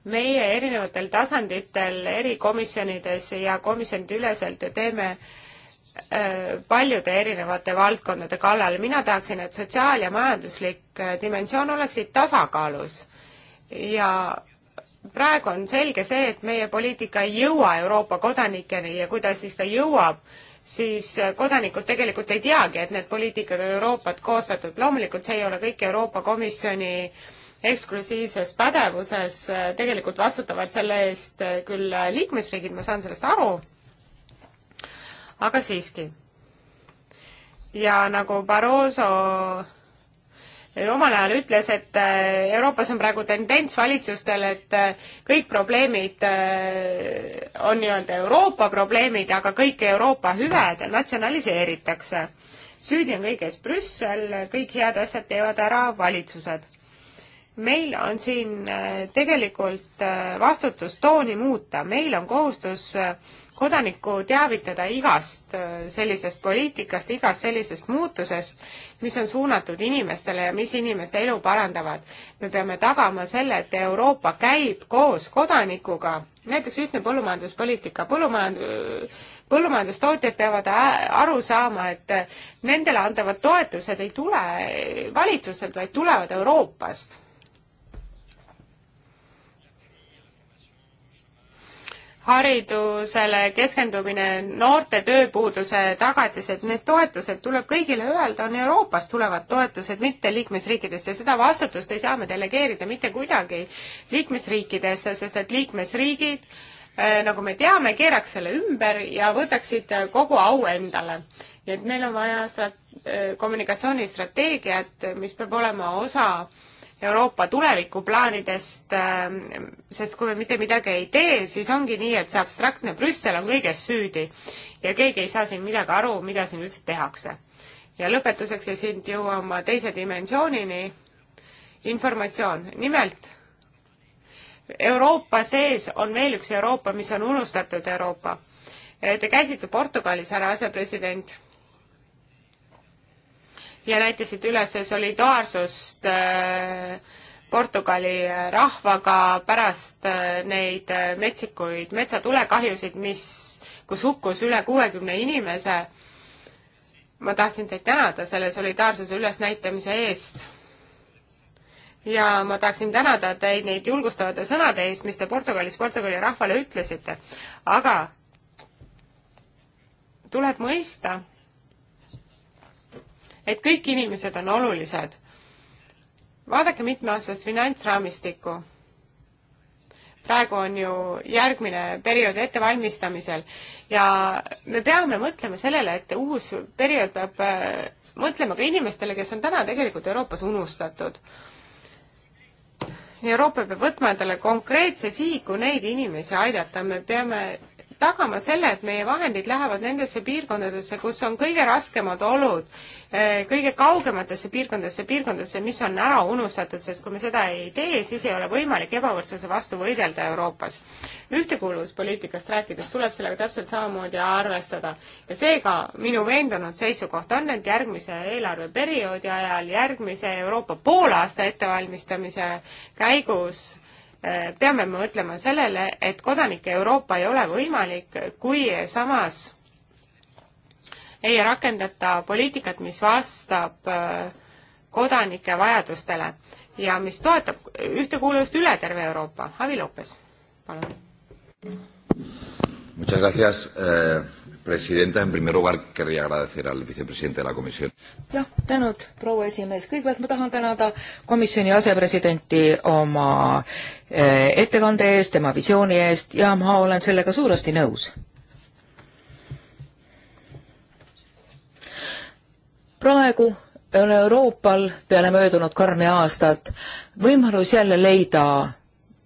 meie erinevatel tasanditel, erikomisjonides ja komisjonide üleselt teeme äh, paljude erinevate valdkondade kallal. mina tahaksin, et sotsiaal- ja majanduslik äh, dimensioon oleksid tasakaalus ja praegu on selge see, et meie poliitika ei jõua Euroopa kodanikeni ja kui ta siis ka jõuab, siis äh, kodanikud tegelikult ei teagi, et need poliitikad on Euroopat koostatud. loomulikult see ei ole kõik Euroopa Komisjoni äh, eksklusiivses pädevuses, äh, tegelikult vastutavad selle eest äh, küll äh, liikmesriigid, ma saan sellest aru, aga siiski. ja nagu Barroso omal ajal ütles, et Euroopas on praegu tendents valitsustel, et kõik probleemid on nii-öelda Euroopa probleemid, aga kõik Euroopa hüved natsionaliseeritakse. süüdi on kõiges Brüssel, kõik head asjad teevad ära valitsused meil on siin äh, tegelikult äh, vastutus tooni muuta, meil on kohustus äh, kodanikku teavitada igast sellisest poliitikast, igast sellisest muutusest, mis on suunatud inimestele ja mis inimeste elu parandavad. me peame tagama selle, et Euroopa käib koos kodanikuga, näiteks ühtne põllumajanduspoliitika, põllumajand-, põllumajandustootjad peavad aru saama, et nendele antavad toetused ei tule valitsuselt, vaid tulevad Euroopast haridusele keskendumine, noorte tööpuuduse tagatised, need toetused tuleb kõigile öelda, on Euroopast tulevad toetused, mitte liikmesriikidest ja seda vastutust ei saa me delegeerida mitte kuidagi liikmesriikidesse, sest et liikmesriigid eh, nagu me teame, keeraks selle ümber ja võtaksid kogu au endale. nii et meil on vaja strat-, eh, kommunikatsioonistrateegiat, mis peab olema osa äh, Euroopa tulevikuplaanidest, ähm, sest kui me mitte midagi ei tee, siis ongi nii, et see abstraktne Brüssel on kõiges süüdi ja keegi ei saa siin midagi aru, mida siin üldse tehakse. ja lõpetuseks ja siit jõuame teise dimensioonini, informatsioon. nimelt, Euroopa sees on veel üks Euroopa, mis on unustatud Euroopa. Te käisite Portugalis, härra asepresident ja näitasid üles solidaarsust äh, Portugali äh, rahvaga pärast äh, neid metsikuid metsatulekahjusid, mis, kus hukkus üle kuuekümne inimese. ma tahtsin teid tänada selle solidaarsuse ülesnäitamise eest. ja ma tahaksin tänada teid neid julgustavate sõnade eest, mis te Portugalis Portugali rahvale ütlesite. aga tuleb mõista et kõik inimesed on olulised. vaadake mitmeaastast finantsraamistikku. praegu on ju järgmine periood ettevalmistamisel ja me peame mõtlema sellele, et uus periood peab äh, mõtlema ka inimestele, kes on täna tegelikult Euroopas unustatud Euroopa peab võtma endale konkreetse sihiku neid inimesi aidata, me peame tagama selle, et meie vahendid lähevad nendesse piirkondadesse, kus on kõige raskemad olud, eh, kõige kaugematesse piirkondadesse, piirkondadesse, mis on ära unustatud, sest kui me seda ei tee, siis ei ole võimalik ebavõrdsuse vastu võidelda Euroopas. ühtekuuluvuspoliitikast rääkides tuleb sellega täpselt samamoodi arvestada ja seega minu veendunud seisukoht on, et järgmise eelarveperioodi ajal, järgmise Euroopa poolaasta ettevalmistamise käigus Äh, peame me mõtlema sellele, et kodanike Euroopa ei ole võimalik, kui samas ei rakendata poliitikat, mis vastab äh, kodanike vajadustele ja mis toetab ühtekuuluvust üle terve Euroopa. Avi Lopes, palun. Presidenta, en primer lugar querría agradecer al vicepresidente de la komisjon. jah, tänud, proua esimees, kõigepealt ma tahan tänada komisjoni asepresidenti oma eh, ettekande eest, tema visiooni eest ja ma olen sellega suuresti nõus. praegu on Euroopal peale möödunud karmi aastat võimalus jälle leida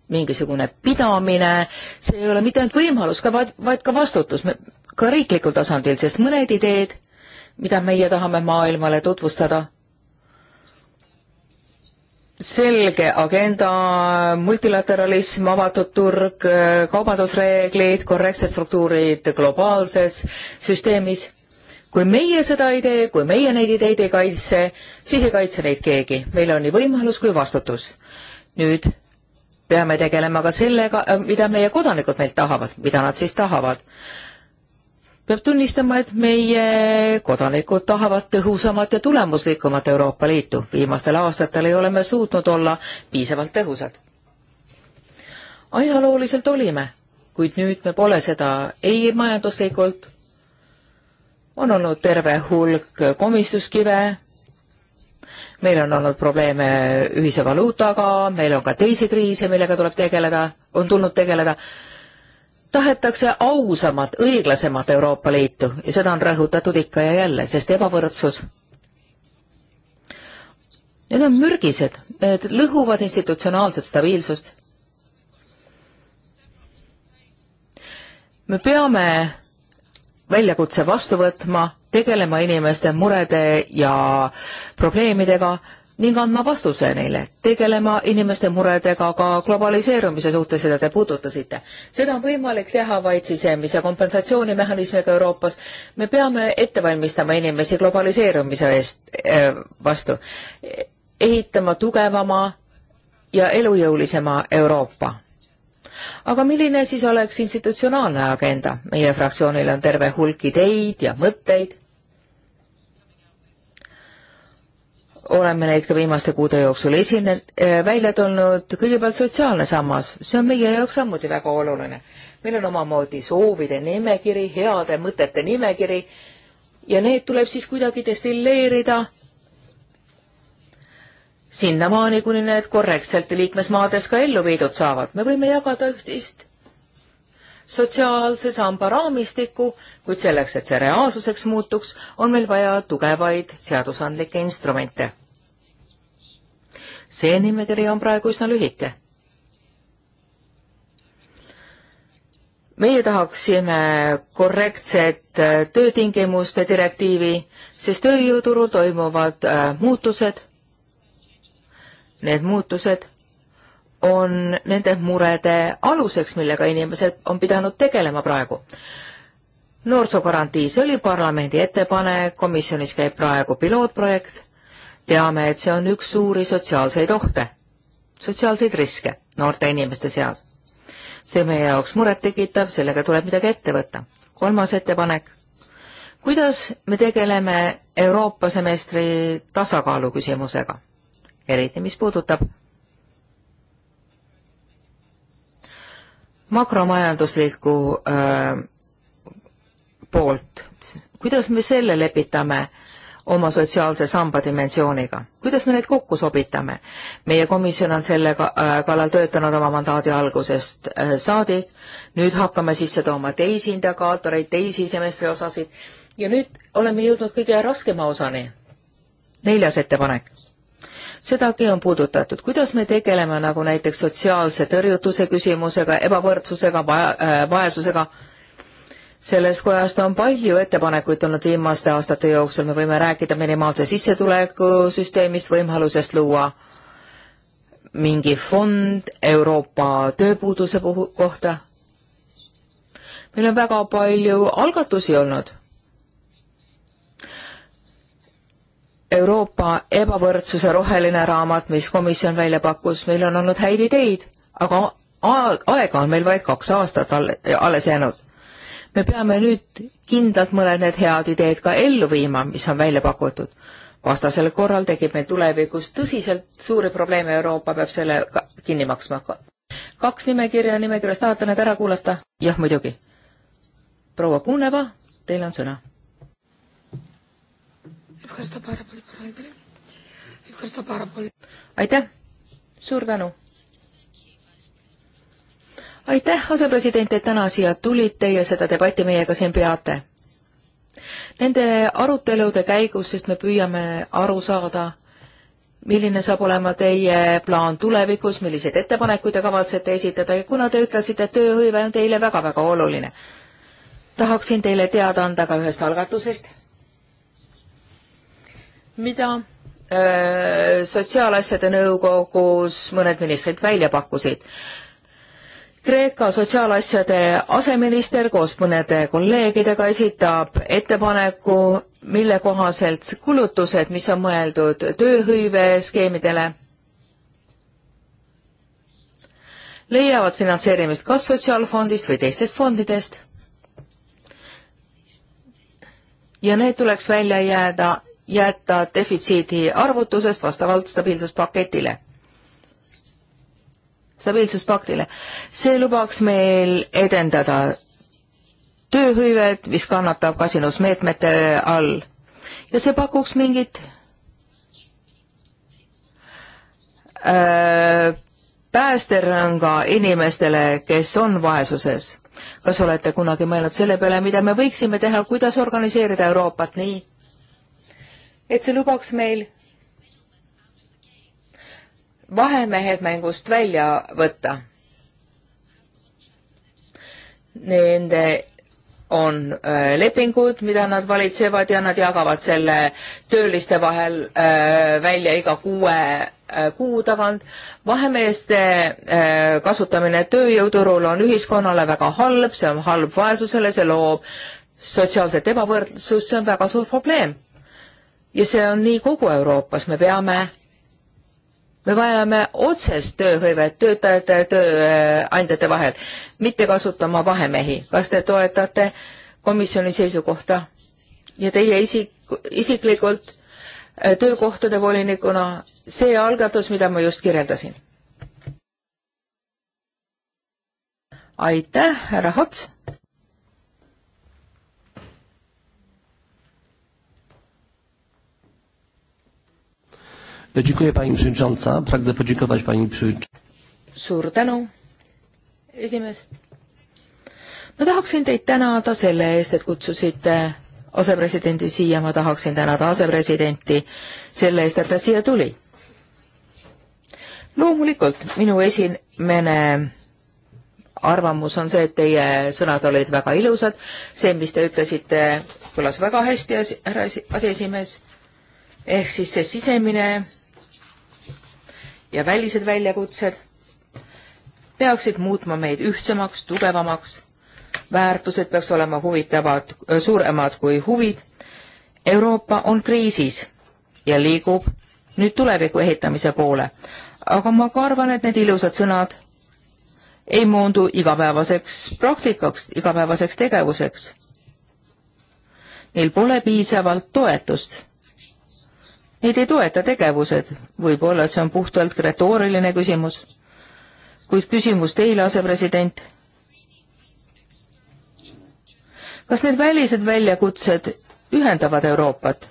mingisugune pidamine, see ei ole mitte ainult võimalus, vaid ka vastutus ka riiklikul tasandil, sest mõned ideed, mida meie tahame maailmale tutvustada, selge agenda, multilateralism, avatud turg, kaubandusreeglid, korrektsed struktuurid globaalses süsteemis. kui meie seda ei tee, kui meie neid ideid ei kaitse, siis ei kaitse neid keegi. meil on nii võimalus kui vastutus. nüüd peame tegelema ka sellega, mida meie kodanikud meilt tahavad, mida nad siis tahavad peab tunnistama, et meie kodanikud tahavad tõhusamat ja tulemuslikumat Euroopa Liitu. viimastel aastatel ei ole me suutnud olla piisavalt tõhusad. ajalooliselt olime, kuid nüüd me pole seda ei majanduslikult, on olnud terve hulk komistuskive, meil on olnud probleeme ühise valuutaga, meil on ka teisi kriise, millega tuleb tegeleda, on tulnud tegeleda tahetakse ausamat, õiglasemat Euroopa Liitu ja seda on rõhutatud ikka ja jälle, sest ebavõrdsus Need on mürgised, need lõhuvad institutsionaalset stabiilsust. me peame väljakutse vastu võtma, tegelema inimeste murede ja probleemidega ning andma vastuse neile, tegelema inimeste muredega ka globaliseerumise suhtes, mida te puudutasite. seda on võimalik teha vaid sisemise kompensatsioonimehhanismiga Euroopas. me peame ette valmistama inimesi globaliseerumise eest äh, vastu, ehitama tugevama ja elujõulisema Euroopa aga milline siis oleks institutsionaalne agenda? meie fraktsioonil on terve hulk ideid ja mõtteid oleme neid ka viimaste kuude jooksul esine-, äh, välja tulnud, kõigepealt sotsiaalne sammas, see on meie jaoks samuti väga oluline. meil on omamoodi soovide nimekiri, heade mõtete nimekiri ja need tuleb siis kuidagi destilleerida sinnamaani, kuni need korrektselt liikmesmaades ka ellu viidud saavad. me võime jagada üht-teist sotsiaalse samba raamistikku, kuid selleks, et see reaalsuseks muutuks, on meil vaja tugevaid seadusandlikke instrumente see nimekiri on praegu üsna lühike. meie tahaksime korrektset äh, töötingimuste direktiivi, sest tööjõuturul toimuvad äh, muutused. Need muutused on nende murede aluseks, millega inimesed on pidanud tegelema praegu. noorsoogarantii, see oli parlamendi ettepanek, komisjonis käib praegu pilootprojekt teame, et see on üks suuri sotsiaalseid ohte, sotsiaalseid riske noorte inimeste seas. see meie jaoks murettekitav, sellega tuleb midagi ette võtta. kolmas ettepanek. kuidas me tegeleme Euroopa semestri tasakaalu küsimusega, eriti mis puudutab makromajanduslikku öö, äh, poolt, kuidas me selle lepitame oma sotsiaalse samba dimensiooniga. kuidas me neid kokku sobitame? meie komisjon on selle äh, kallal töötanud oma mandaadi algusest äh, saadik, nüüd hakkame sisse tooma teisi indikaatoreid, teisi semestri osasid ja nüüd oleme jõudnud kõige raskema osani. neljas ettepanek. sedagi on puudutatud, kuidas me tegeleme nagu näiteks sotsiaalse tõrjutuse küsimusega, ebavõrdsusega, äh, vaesusega äh,, sellest kojast on palju ettepanekuid tulnud viimaste aastate jooksul, me võime rääkida minimaalse sissetulekusüsteemist, võimalusest luua mingi fond Euroopa tööpuuduse puhu-, kohta. meil on väga palju algatusi olnud. Euroopa ebavõrdsuse roheline raamat, mis komisjon välja pakkus, meil on olnud häid ideid, aga aega on meil vaid kaks aastat alles jäänud me peame nüüd kindlalt mõned need head ideed ka ellu viima, mis on välja pakutud. vastasel korral tekib meil tulevikus tõsiselt suuri probleeme, Euroopa peab selle kinni maksma. kaks nimekirja nimekirjas, tahate need ära kuulata? jah, muidugi. proua Kuneva, teil on sõna. aitäh, suur tänu aitäh, asepresident, et täna siia tulite ja seda debatti meiega siin peate. Nende arutelude käigus, sest me püüame aru saada, milline saab olema teie plaan tulevikus, milliseid ettepanekuid te kavatsete esitada ja kuna te ütlesite, et tööhõive on teile väga-väga oluline, tahaksin teile teada anda ka ühest algatusest, mida öö, äh, sotsiaalasjade nõukogus mõned ministrid välja pakkusid Kreeka sotsiaalasjade aseminister koos mõnede kolleegidega esitab ettepaneku, mille kohaselt kulutused, mis on mõeldud tööhõiveskeemidele, leiavad finantseerimist kas Sotsiaalfondist või teistest fondidest. ja need tuleks välja jääda, jätta defitsiidi arvutusest vastavalt stabiilsuspaketile stabiilsuspaktile. see lubaks meil edendada tööhõivet, mis kannatab kasinusmeetmete all ja see pakuks mingit äh, päästerõnga inimestele, kes on vaesuses. kas olete kunagi mõelnud selle peale, mida me võiksime teha, kuidas organiseerida Euroopat nii, et see lubaks meil vahemehed mängust välja võtta. Nende on äh, lepingud, mida nad valitsevad ja nad jagavad selle tööliste vahel äh, välja iga kuue äh, kuu tagant. vahemeeste äh, kasutamine tööjõuturul on ühiskonnale väga halb, see on halb vaesusele, see loob sotsiaalset ebavõrdsust, see on väga suur probleem. ja see on nii kogu Euroopas, me peame me vajame otsest tööhõivet töötajate ja tööandjate vahel, mitte kasutama vahemehi. kas te toetate komisjoni seisukohta ja teie isik, isiklikult äh, töökohtade volinikuna see algatus, mida ma just kirjeldasin? aitäh, härra Hots Dziękuję pani przewodnicząca. Pragnę podziękować pani przewodniczącej. suur tänu, esimees. ma tahaksin teid tänada selle eest, et kutsusite asepresidendi siia, ma tahaksin tänada asepresidenti selle eest, et ta siia tuli. loomulikult minu esimene arvamus on see, et teie sõnad olid väga ilusad, see, mis te ütlesite, kõlas väga hästi, härra aseesimees, ehk siis see sisemine ja välised väljakutsed peaksid muutma meid ühtsemaks, tugevamaks, väärtused peaks olema huvitavad, äh, suuremad kui huvid. Euroopa on kriisis ja liigub nüüd tuleviku ehitamise poole. aga ma ka arvan, et need ilusad sõnad ei moondu igapäevaseks praktikaks, igapäevaseks tegevuseks. Neil pole piisavalt toetust Neid ei toeta tegevused, võib-olla see on puhtalt retooriline küsimus, kuid küsimus teile, asepresident. kas need välised väljakutsed ühendavad Euroopat?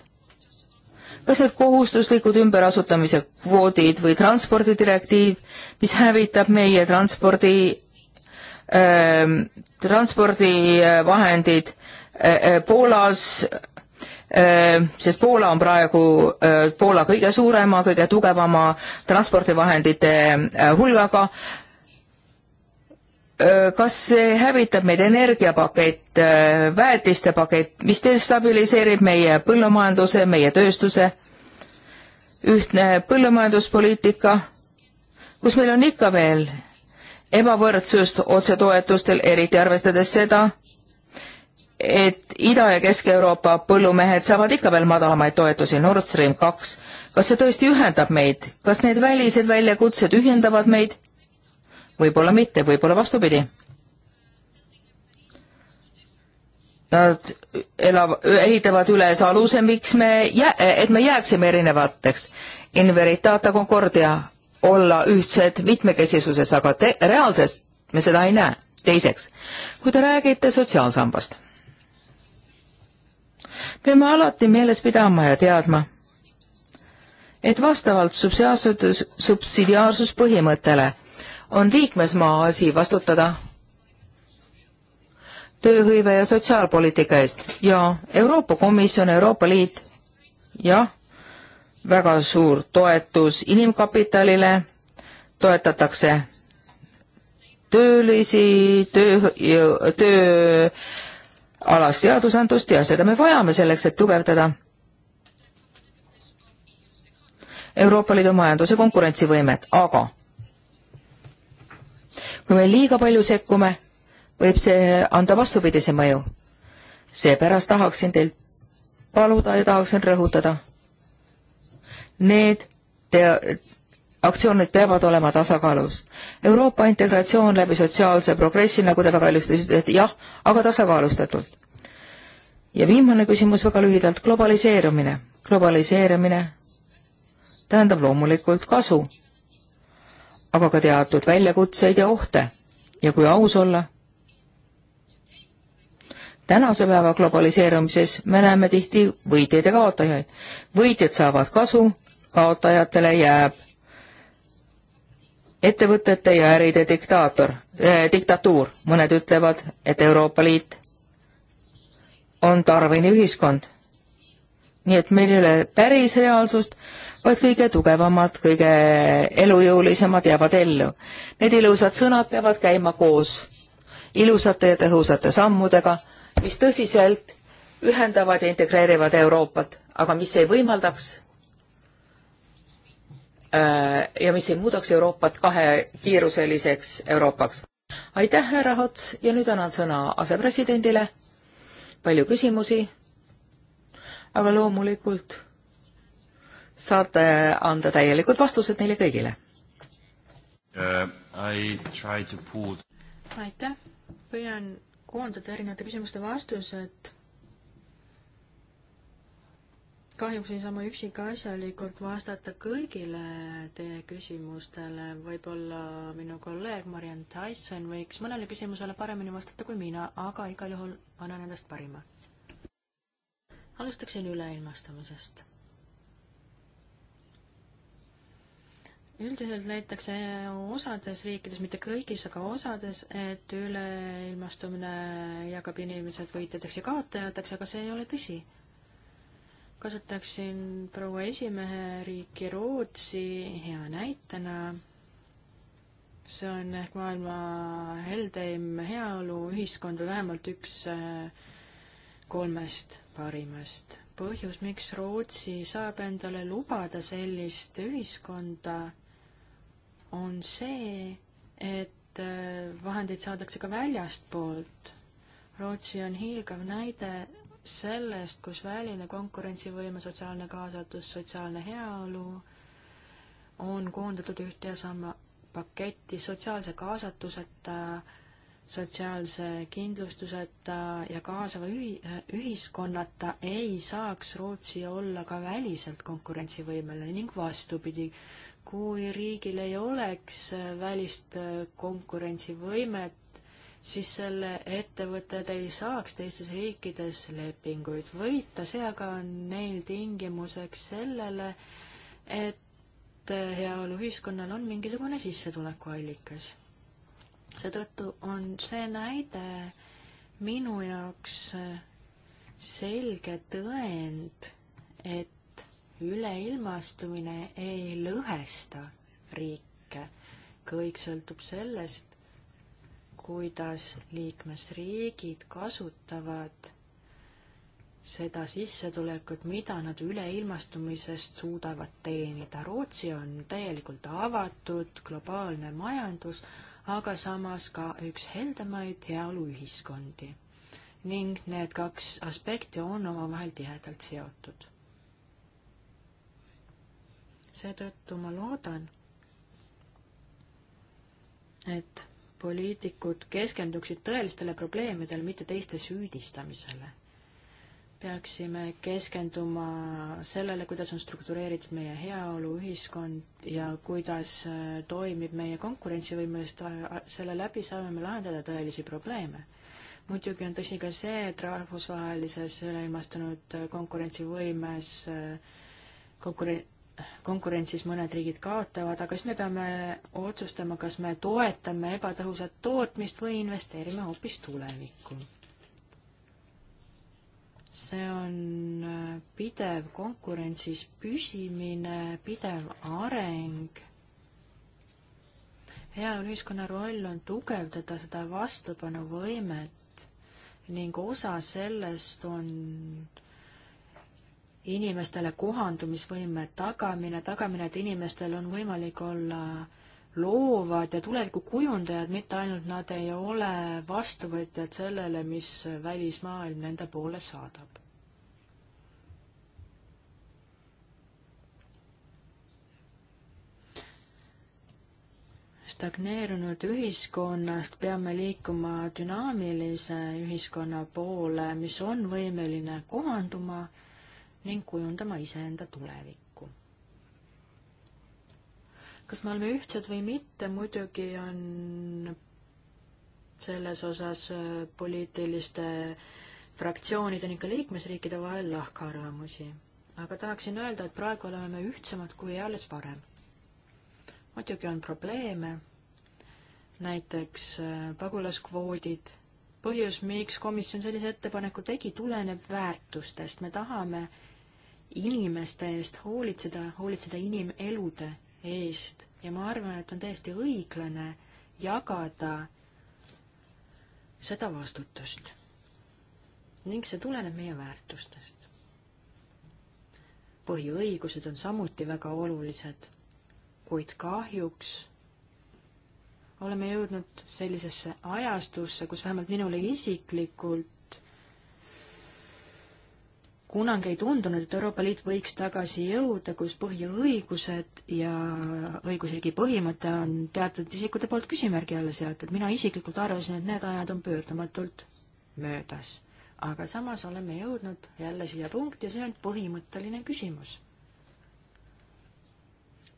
kas need kohustuslikud ümberasutamise kvoodid või transpordidirektiiv, mis hävitab meie transpordi äh,, transpordivahendid äh, äh Poolas sest Poola on praegu Poola kõige suurema, kõige tugevama transpordivahendite hulgaga. kas see hävitab meid energiapakett, väetiste pakett, mis destabiliseerib meie põllumajanduse, meie tööstuse, ühtne põllumajanduspoliitika, kus meil on ikka veel ebavõrdsust otsetoetustel, eriti arvestades seda, et Ida- ja Kesk-Euroopa põllumehed saavad ikka veel madalamaid toetusi, Nord Stream kaks. kas see tõesti ühendab meid, kas need välised väljakutsed ühendavad meid? võib-olla mitte, võib-olla vastupidi. Nad elav, ehitavad üles aluse, miks me jää-, et me jääksime erinevateks. In veritata concordia, olla ühtsed mitmekesisuses, aga te-, reaalses me seda ei näe. teiseks, kui te räägite sotsiaalsambast peame alati meeles pidama ja teadma, et vastavalt subsidiaarsuspõhimõttele on liikmesmaa asi vastutada tööhõive ja sotsiaalpoliitika eest ja Euroopa Komisjon, Euroopa Liit, jah, väga suur toetus inimkapitalile, toetatakse töölisi, töö, töö alast seadusandlust ja seda me vajame selleks, et tugevdada Euroopa Liidu majanduse konkurentsivõimet, aga kui me liiga palju sekkume, võib see anda vastupidise mõju. seepärast tahaksin teilt paluda ja tahaksin rõhutada. Need te aktsioonid peavad olema tasakaalus. Euroopa integratsioon läbi sotsiaalse progressi, nagu te väga ilusti ütlesite, jah, aga tasakaalustatult. ja viimane küsimus väga lühidalt, globaliseerumine. globaliseerumine tähendab loomulikult kasu, aga ka teatud väljakutseid ja ohte. ja kui aus olla, tänase päeva globaliseerumises me näeme tihti võitjaid ja kaotajaid. võitjad saavad kasu, kaotajatele jääb ettevõtete ja äride diktaator eh,, diktatuur, mõned ütlevad, et Euroopa Liit on Darwini ühiskond. nii et meil ei ole päris reaalsust, vaid kõige tugevamad, kõige elujõulisemad jäävad ellu. Need ilusad sõnad peavad käima koos ilusate ja tõhusate sammudega, mis tõsiselt ühendavad ja integreerivad Euroopat, aga mis ei võimaldaks Äh, ja mis ei muudaks Euroopat kahekiiruseliseks Euroopaks. aitäh, härra Ots ja nüüd annan sõna asepresidendile. palju küsimusi, aga loomulikult saate anda täielikud vastused neile kõigile uh,. aitäh, püüan koondada erinevate küsimuste vastused kahjuks ei saa ma üksikasjalikult vastata kõigile teie küsimustele, võib-olla minu kolleeg Mariann Tyson võiks mõnele küsimusele paremini vastata kui mina, aga igal juhul annan endast parima. alustaksin üleilmastamisest. üldiselt leitakse osades riikides, mitte kõigis, aga osades, et üleilmastumine jagab inimesed võitjateks ja kaotajateks, aga see ei ole tõsi kasutaksin proua esimehe riiki Rootsi hea näitena. see on ehk maailma heldeim heaoluühiskond või vähemalt üks äh, kolmest parimast. põhjus, miks Rootsi saab endale lubada sellist ühiskonda, on see, et äh, vahendeid saadakse ka väljastpoolt. Rootsi on hiilgav näide sellest, kus väline konkurentsivõime, sotsiaalne kaasatus, sotsiaalne heaolu on koondatud ühte ja sama paketti sotsiaalse kaasatuseta, sotsiaalse kindlustuseta ja kaasava ühi-, ühiskonnata ei saaks Rootsi olla ka väliselt konkurentsivõimeline ning vastupidi, kui riigil ei oleks välist konkurentsivõimet, siis selle ettevõtted ei saaks teistes riikides lepinguid võita, see aga on neil tingimuseks sellele, et heaoluühiskonnal on mingisugune sissetulekuallikas. seetõttu on see näide minu jaoks selge tõend, et üleilmastumine ei lõhesta riike. kõik sõltub sellest, kuidas liikmesriigid kasutavad seda sissetulekut, mida nad üleilmastumisest suudavad teenida. Rootsi on täielikult avatud globaalne majandus, aga samas ka üks heldemaid heaoluühiskondi. ning need kaks aspekti on omavahel tihedalt seotud. seetõttu ma loodan, et poliitikud keskenduksid tõelistele probleemidele, mitte teiste süüdistamisele. peaksime keskenduma sellele, kuidas on struktureeritud meie heaoluühiskond ja kuidas äh, toimib meie konkurentsivõime, sest äh, äh, selle läbi saame me lahendada tõelisi probleeme. muidugi on tõsi ka see, et rahvusvahelises üleilmastunud konkurentsivõimes konkuren-, konkurentsis mõned riigid kaotavad, aga siis me peame otsustama, kas me toetame ebatõhusat tootmist või investeerime hoopis tulevikku. see on äh, pidev konkurentsis püsimine, pidev areng. heaolu ühiskonna roll on tugevdada seda vastupanuvõimet ning osa sellest on äh, inimestele kohandumisvõime tagamine, tagamine, et inimestel on võimalik olla loovad ja tuleviku kujundajad, mitte ainult nad ei ole vastuvõtjad sellele, mis välismaailm nende poole saadab. stagneerunud ühiskonnast peame liikuma dünaamilise ühiskonna poole, mis on võimeline kohanduma ning kujundama iseenda tulevikku. kas me oleme ühtsed või mitte, muidugi on selles osas äh, poliitiliste fraktsioonide ning ka liikmesriikide vahel lahkarvamusi. aga tahaksin öelda, et praegu oleme me ühtsemad kui eales varem. muidugi on probleeme, näiteks äh, pagulaskvoodid. põhjus, miks komisjon sellise ettepaneku tegi, tuleneb väärtustest. me tahame, inimeste eest hoolitseda, hoolitseda inimelude eest ja ma arvan, et on täiesti õiglane jagada seda vastutust. ning see tuleneb meie väärtustest. põhiõigused on samuti väga olulised, kuid kahjuks oleme jõudnud sellisesse ajastusse, kus vähemalt minule isiklikult kunagi ei tundunud, et Euroopa Liit võiks tagasi jõuda, kus põhiõigused ja õigusriigi põhimõte on teatud isikute poolt küsimärgi alla seatud. mina isiklikult arvasin, et need ajad on pöördumatult möödas. aga samas oleme jõudnud jälle siia punkti ja see on põhimõtteline küsimus.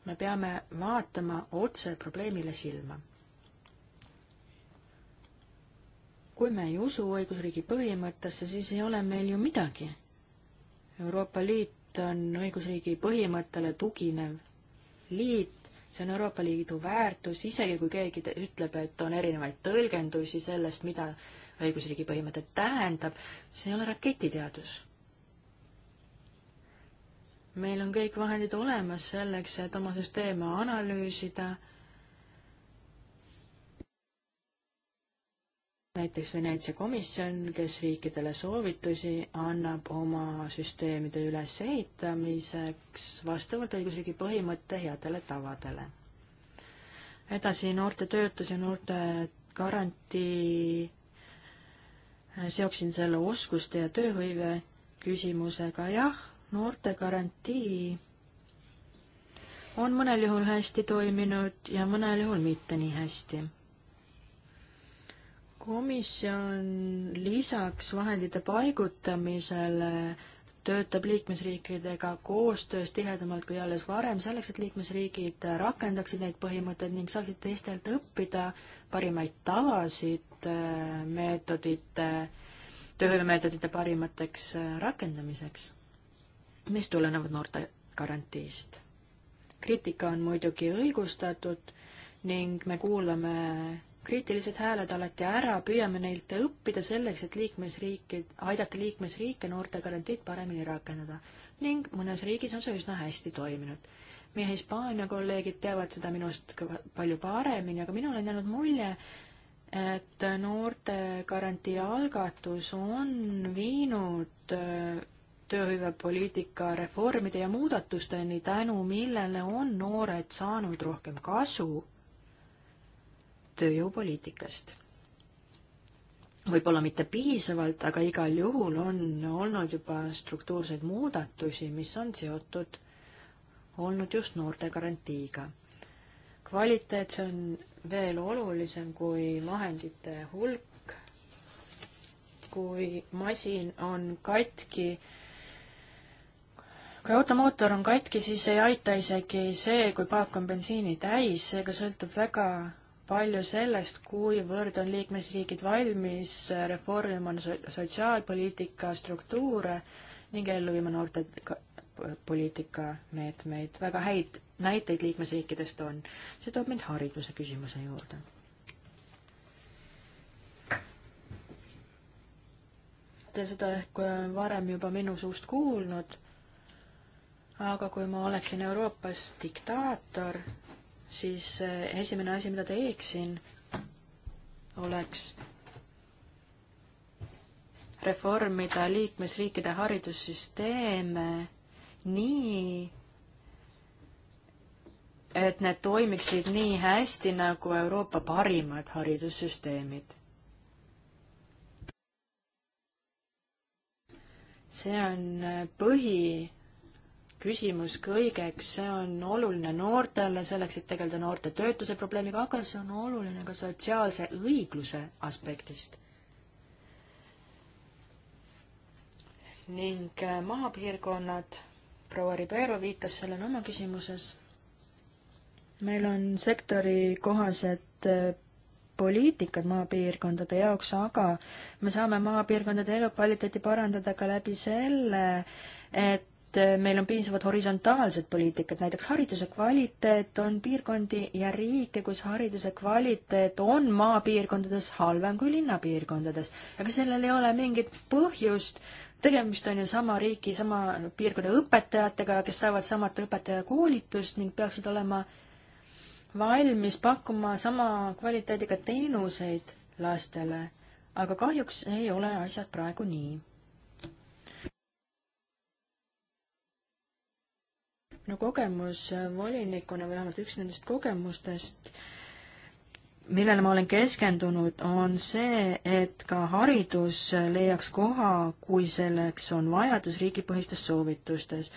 me peame vaatama otse probleemile silma kui me ei usu õigusriigi põhimõttesse, siis ei ole meil ju midagi. Euroopa Liit on õigusriigi põhimõttele tuginev liit, see on Euroopa Liidu väärtus, isegi kui keegi ütleb, et on erinevaid tõlgendusi sellest, mida õigusriigi põhimõte tähendab, see ei ole raketiteadus. meil on kõik vahendid olemas selleks, et oma süsteeme analüüsida näiteks Veneetsia komisjon, kes riikidele soovitusi annab oma süsteemide ülesehitamiseks vastavalt õigusriigi põhimõtte headele tavadele. edasi noorte töötus ja noorte garantii, seoksin selle oskuste ja tööhõive küsimusega, jah, noorte garantii on mõnel juhul hästi toiminud ja mõnel juhul mitte nii hästi komisjon lisaks vahendite paigutamisele töötab liikmesriikidega koostöös tihedamalt kui alles varem, selleks et liikmesriigid rakendaksid neid põhimõtteid ning saaksid teistelt õppida parimaid tavasid äh, meetodite, tööhõivemeetodite parimateks äh, rakendamiseks, mis tulenevad noorte garantiist. kriitika on muidugi õigustatud ning me kuulame kriitilised hääled alati ära, püüame neilt õppida selleks, et liikmesriiki, aidata liikmesriike noorte garantiid paremini rakendada. ning mõnes riigis on see üsna hästi toiminud. meie Hispaania kolleegid teavad seda minust ka palju paremini, aga minul on jäänud mulje, et noorte garantii algatus on viinud äh, tööhõivepoliitika reformide ja muudatusteni, tänu millele on noored saanud rohkem kasu tööjõupoliitikast. võib-olla mitte piisavalt, aga igal juhul on olnud juba struktuurseid muudatusi, mis on seotud olnud just noortegarantiiga. kvaliteet, see on veel olulisem kui vahendite hulk, kui masin on katki, kui automootor on katki, siis ei aita isegi see, kui paak on bensiini täis, seega sõltub väga palju sellest, kuivõrd on liikmesriigid valmis reformima sotsiaalpoliitika struktuure ning ellu viima noorte poliitika meetmeid. väga häid näiteid liikmesriikidest on. see toob mind hariduse küsimuse juurde. Te seda ehk äh, varem juba minu suust kuulnud, aga kui ma oleksin Euroopas diktaator, siis eh, esimene asi, mida teeksin, oleks reformida liikmesriikide haridussüsteeme nii, et need toimiksid nii hästi nagu Euroopa parimad haridussüsteemid. see on eh, põhi küsimus kõigeks, see on oluline noortele, selleks, et tegeleda noorte töötuse probleemiga, aga see on oluline ka sotsiaalse õigluse aspektist. ning äh, maapiirkonnad, proua Ribeiro viitas sellele oma küsimuses, meil on sektorikohased äh, poliitikad maapiirkondade jaoks, aga me saame maapiirkondade elukvaliteeti parandada ka läbi selle, et et äh, meil on piisavad horisontaalsed poliitikad, näiteks hariduse kvaliteet on piirkondi ja riike, kus hariduse kvaliteet on maapiirkondades halvem kui linnapiirkondades. aga sellel ei ole mingit põhjust, tegemist on ju sama riigi, sama piirkonna õpetajatega, kes saavad samat õpetajakoolitust ning peaksid olema valmis pakkuma sama kvaliteediga teenuseid lastele. aga kahjuks ei ole asjad praegu nii minu kogemus volinikuna või vähemalt üks nendest kogemustest, millele ma olen keskendunud, on see, et ka haridus leiaks koha, kui selleks on vajadus riigipõhistes soovitustes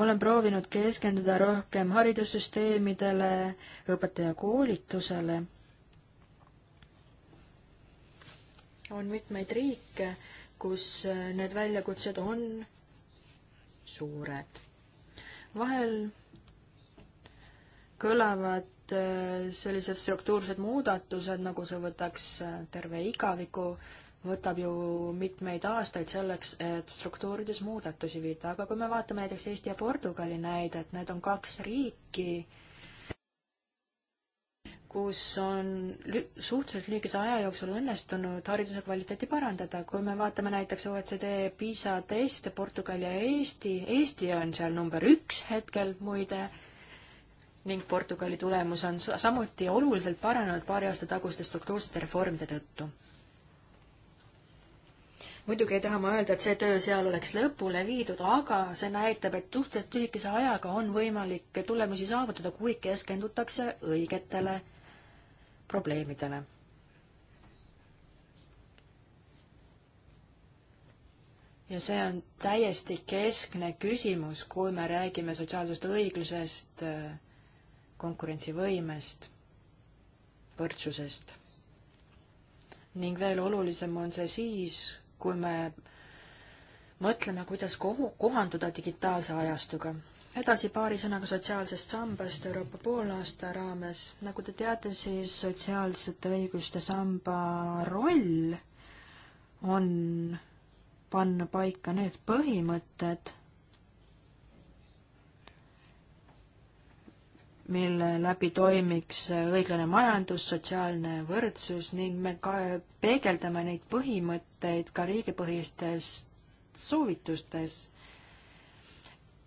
olen proovinud keskenduda rohkem haridussüsteemidele, õpetajakoolitusele. on mitmeid riike, kus need väljakutsed on suured vahel kõlavad äh, sellised struktuursed muudatused, nagu see võtaks äh, terve igaviku, võtab ju mitmeid aastaid selleks, et struktuurides muudatusi viida, aga kui me vaatame näiteks Eesti ja Portugali näidet, need on kaks riiki, kus on lü-, suhteliselt lühikese aja jooksul õnnestunud hariduse kvaliteeti parandada. kui me vaatame näiteks OECD PISA teste, Portugal ja Eesti, Eesti on seal number üks hetkel muide, ning Portugali tulemus on samuti oluliselt paranenud paari aasta taguste struktuursete reformide tõttu. muidugi ei taha ma öelda, et see töö seal oleks lõpule viidud, aga see näitab, et suhteliselt lühikese ajaga on võimalik tulemusi saavutada, kui keskendutakse õigetele probleemidele. ja see on täiesti keskne küsimus, kui me räägime sotsiaalsest õiglusest, konkurentsivõimest, võrdsusest. ning veel olulisem on see siis, kui me mõtleme, kuidas kohu-, kohanduda digitaalse ajastuga edasi paari sõnaga sotsiaalsest sambast Euroopa poolaasta raames. nagu te teate, siis sotsiaalsete õiguste samba roll on panna paika need põhimõtted, mille läbi toimiks õiglane majandus, sotsiaalne võrdsus ning me ka peegeldame neid põhimõtteid ka riigipõhistes soovitustes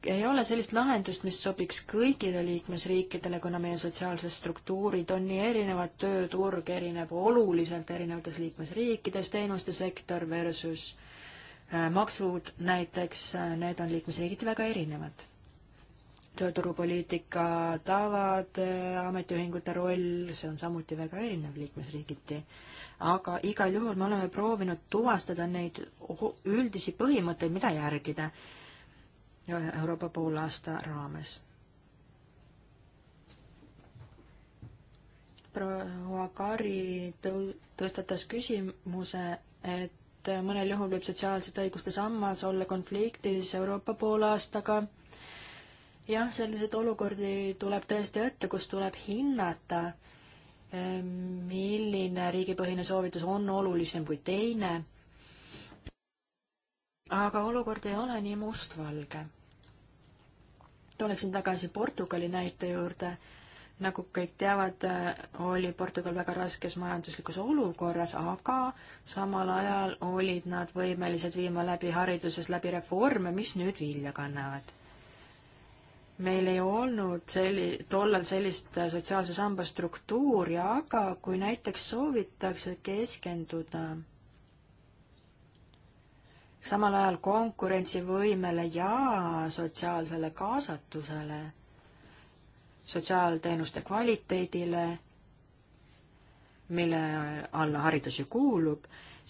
ei ole sellist lahendust, mis sobiks kõigile liikmesriikidele, kuna meie sotsiaalsed struktuurid on nii erinevad, tööturg erineb oluliselt erinevates liikmesriikides, teenuste sektor versus äh, maksud näiteks, äh, need on liikmesriigiti väga erinevad. tööturupoliitika tavad, äh, ametiühingute roll, see on samuti väga erinev liikmesriigiti. aga igal juhul me oleme proovinud tuvastada neid üldisi põhimõtteid, mida järgida Euroopa poolaasta raames. proua Kari tõu-, tõstatas küsimuse, et mõnel juhul võib sotsiaalsete õiguste sammas olla konfliktis Euroopa poolaastaga. jah, selliseid olukordi tuleb tõesti ette, kus tuleb hinnata, ehm, milline riigipõhine soovitus on olulisem kui teine aga olukord ei ole nii mustvalge tuleksin tagasi Portugali näite juurde. nagu kõik teavad, oli Portugal väga raskes majanduslikus olukorras, aga samal ajal olid nad võimelised viima läbi hariduses läbi reforme, mis nüüd vilja kannavad. meil ei olnud selli-, tollal sellist sotsiaalse samba struktuuri, aga kui näiteks soovitakse keskenduda samal ajal konkurentsivõimele ja sotsiaalsele kaasatusele, sotsiaalteenuste kvaliteedile, mille alla haridus ju kuulub,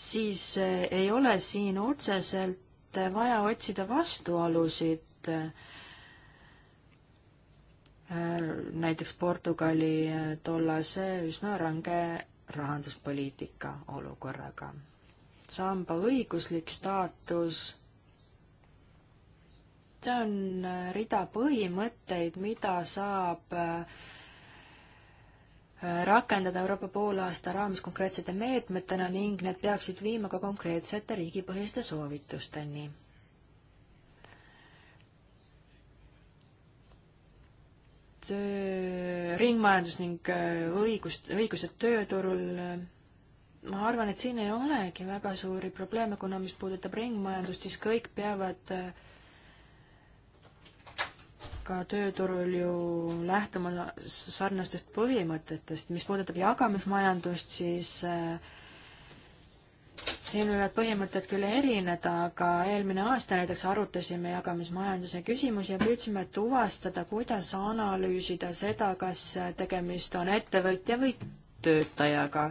siis eh, ei ole siin otseselt eh, vaja otsida vastuolusid eh, näiteks Portugali tollase üsna range rahanduspoliitika olukorraga samba õiguslik staatus, see on äh, rida põhimõtteid, mida saab äh, äh, rakendada Euroopa poolaasta raames konkreetsete meetmetena ning need peaksid viima ka konkreetsete riigipõhiste soovitusteni ringmajandus ning õigust, õigused tööturul ma arvan, et siin ei olegi väga suuri probleeme, kuna mis puudutab ringmajandust, siis kõik peavad äh, ka tööturul ju lähtuma sarnastest põhimõtetest. mis puudutab jagamismajandust, siis äh, siin võivad põhimõtted küll erineda, aga eelmine aasta näiteks arutasime jagamismajanduse küsimusi ja püüdsime tuvastada, kuidas analüüsida seda, kas tegemist on ettevõtja või töötajaga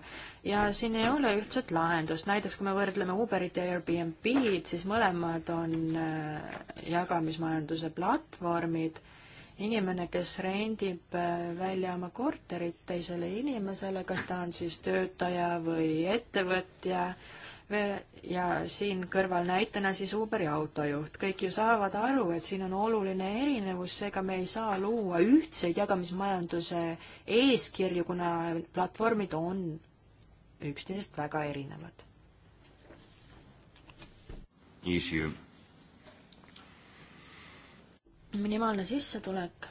ja siin ei ole ühtset lahendust, näiteks kui me võrdleme Uberit ja Airbnb-d, siis mõlemad on äh, jagamismajanduse platvormid. inimene, kes rendib äh, välja oma korterit teisele inimesele, kas ta on siis töötaja või ettevõtja ja siin kõrval näitena siis Uberi autojuht. kõik ju saavad aru, et siin on oluline erinevus, seega me ei saa luua ühtseid jagamismajanduse eeskirju, kuna platvormid on üksteisest väga erinevad. Issue. minimaalne sissetulek.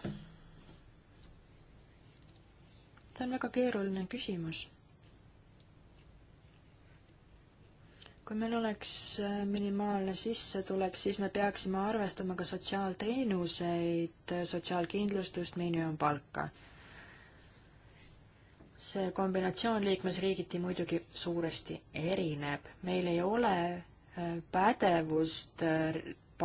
see on väga keeruline küsimus kui meil oleks äh, minimaalne sissetulek, siis me peaksime arvestama ka sotsiaalteenuseid, äh, sotsiaalkindlustust, miinimumpalka. see kombinatsioon liikmesriigiti muidugi suuresti erineb, meil ei ole äh, pädevust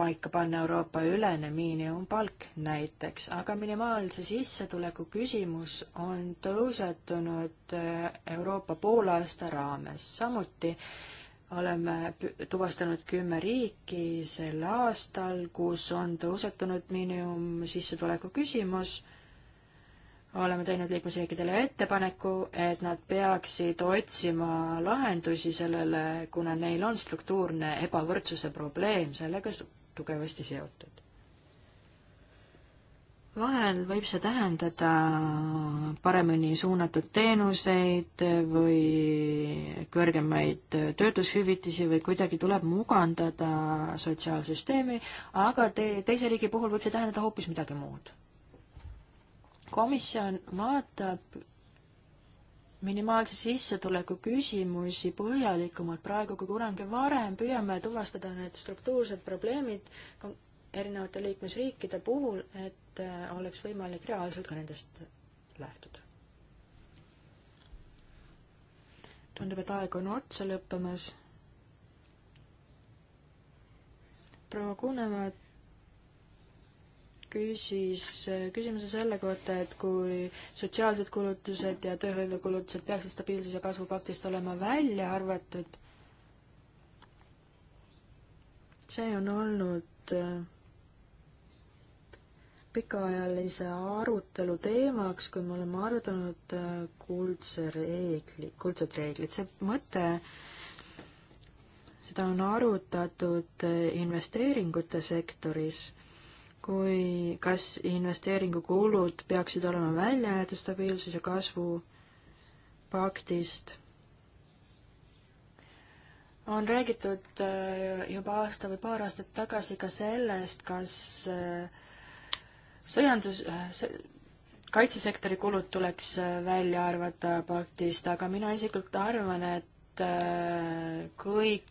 paika panna Euroopa ülene miinimumpalk näiteks, aga minimaalse sissetuleku küsimus on tõusetunud Euroopa poolaasta raames, samuti äh, oleme tuvastanud kümme riiki sel aastal, kus on tõusetunud miinimumsissetuleku küsimus. oleme teinud liikmesriikidele ettepaneku, et nad peaksid otsima lahendusi sellele, kuna neil on struktuurne ebavõrdsuse probleem sellega tugevasti seotud vahel võib see tähendada paremini suunatud teenuseid või kõrgemaid töötushüvitisi või kuidagi tuleb mugandada sotsiaalsüsteemi, aga te, teise riigi puhul võib see tähendada hoopis midagi muud. komisjon vaatab minimaalse sissetuleku küsimusi põhjalikumalt praegu kui kunagi varem, püüame tuvastada need struktuursed probleemid erinevate liikmesriikide puhul, et äh, oleks võimalik reaalselt ka nendest lähtuda. tundub, et aeg on otsa lõppemas. proua Kunemaa küsis äh, küsimuse selle kohta, et kui sotsiaalsed kulutused ja tööhõivekulutused peaksid stabiilsuse kasvupaktist olema välja arvatud, see on olnud äh, pikaajalise arutelu teemaks, kui me oleme arutanud äh, kuldse reegli, kuldsed reeglid, see mõte, seda on arutatud äh, investeeringute sektoris, kui, kas investeeringukulud peaksid olema välja jäetud stabiilsus- ja kasvupaktist on räägitud äh, juba aasta või paar aastat tagasi ka sellest, kas sõjandus, äh, kaitsesektori kulud tuleks äh, välja arvata paktist, aga mina isiklikult arvan, et äh, kõik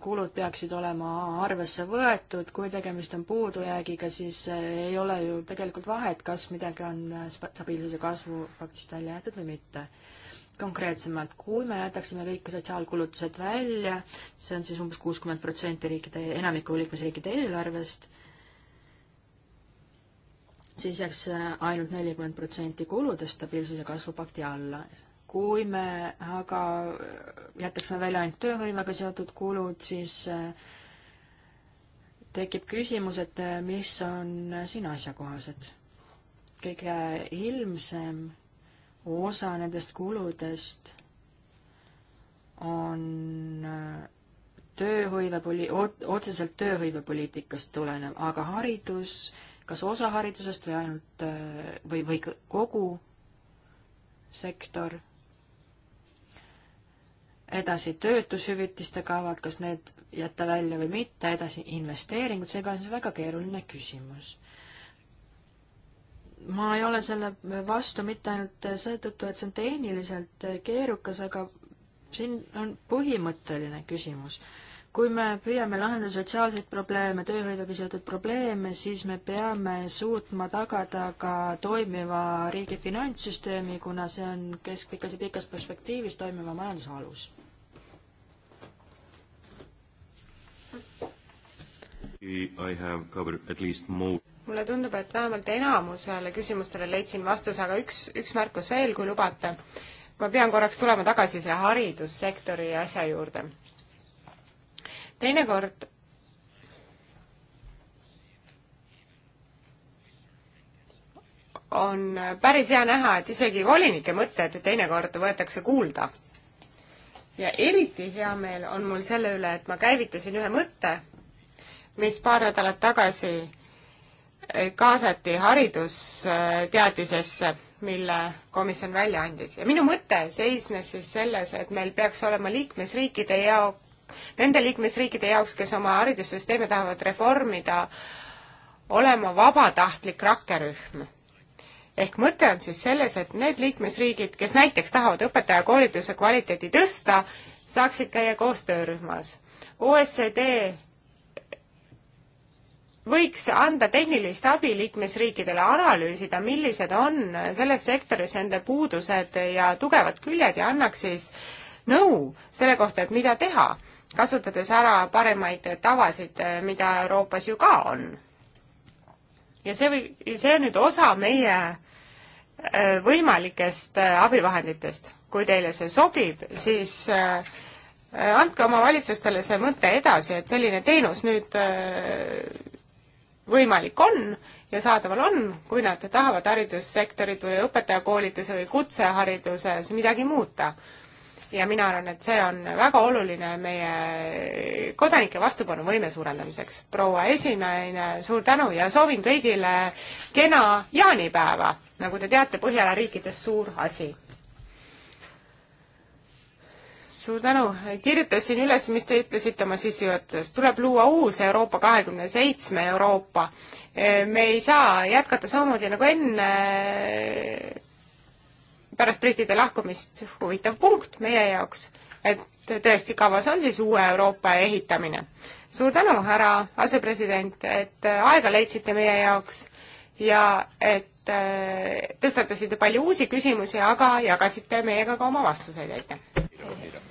kulud peaksid olema arvesse võetud, kui tegemist on puudujäägiga, siis ei ole ju tegelikult vahet, kas midagi on stabiilsuse kasvu paktist välja jäetud või mitte. konkreetsemalt, kui me jätaksime kõik sotsiaalkulutused välja, see on siis umbes kuuskümmend protsenti riikide, enamiku liikmesriikide eelarvest siis jääks äh, ainult nelikümmend protsenti kuludest stabiilsuse kasvupakti alla. kui me aga jätaksime välja ainult tööhõivega seotud kulud, siis äh, tekib küsimus, et äh, mis on siin asjakohased. kõige ilmsem osa nendest kuludest on tööhõivepoli-, otseselt tööhõivepoliitikast tulenev, aga haridus, kas osa haridusest või ainult või, või kogu sektor. edasi töötushüvitiste kavad, kas need jätta välja või mitte, edasi investeeringud, seega on see väga keeruline küsimus ma ei ole selle vastu mitte ainult seetõttu, et see on tehniliselt keerukas, aga siin on põhimõtteline küsimus kui me püüame lahendada sotsiaalseid probleeme, tööhõivega seotud probleeme, siis me peame suutma tagada ka toimiva riigi finantssüsteemi, kuna see on keskpikas ja pikas perspektiivis toimiva majanduse alus. I have covered at least more mulle tundub, et vähemalt enamusele küsimustele leidsin vastuse, aga üks, üks märkus veel, kui lubate. ma pean korraks tulema tagasi selle haridussektori asja juurde teinekord on päris hea näha, et isegi volinike mõtted teinekord võetakse kuulda. ja eriti hea meel on mul selle üle, et ma käivitasin ühe mõtte, mis paar nädalat tagasi kaasati haridusteadisesse, mille komisjon välja andis. ja minu mõte seisnes siis selles, et meil peaks olema liikmesriikide jaoks nende liikmesriikide jaoks, kes oma haridussüsteeme tahavad reformida, olema vabatahtlik rakkerühm. ehk mõte on siis selles, et need liikmesriigid, kes näiteks tahavad õpetajakoolituse kvaliteedi tõsta, saaksid käia koos töörühmas. OECD võiks anda tehnilist abi liikmesriikidele, analüüsida, millised on selles sektoris nende puudused ja tugevad küljed ja annaks siis nõu selle kohta, et mida teha kasutades ära parimaid tavasid, mida Euroopas ju ka on. ja see või, see on nüüd osa meie äh, võimalikest äh, abivahenditest. kui teile see sobib, siis äh, andke oma valitsustele see mõte edasi, et selline teenus nüüd võimalik on ja saadaval on, kui nad tahavad haridussektorit või õpetajakoolituse või kutsehariduses midagi muuta ja mina arvan, et see on väga oluline meie kodanike vastupanuvõime suurendamiseks. proua esinaine, suur tänu ja soovin kõigile kena jaanipäeva, nagu te teate, Põhjala riikides suur asi suur tänu, kirjutasin üles, mis te ütlesite oma sissejuhatuses, tuleb luua uus Euroopa kahekümne seitsme Euroopa. me ei saa jätkata samamoodi nagu enne pärast brittide lahkumist huvitav punkt meie jaoks, et tõesti kavas on siis uue Euroopa ehitamine. suur tänu, härra asepresident, et äh, aega leidsite meie jaoks ja et äh, tõstatasite palju uusi küsimusi, aga jagasite meiega ka oma vastuseid, aitäh!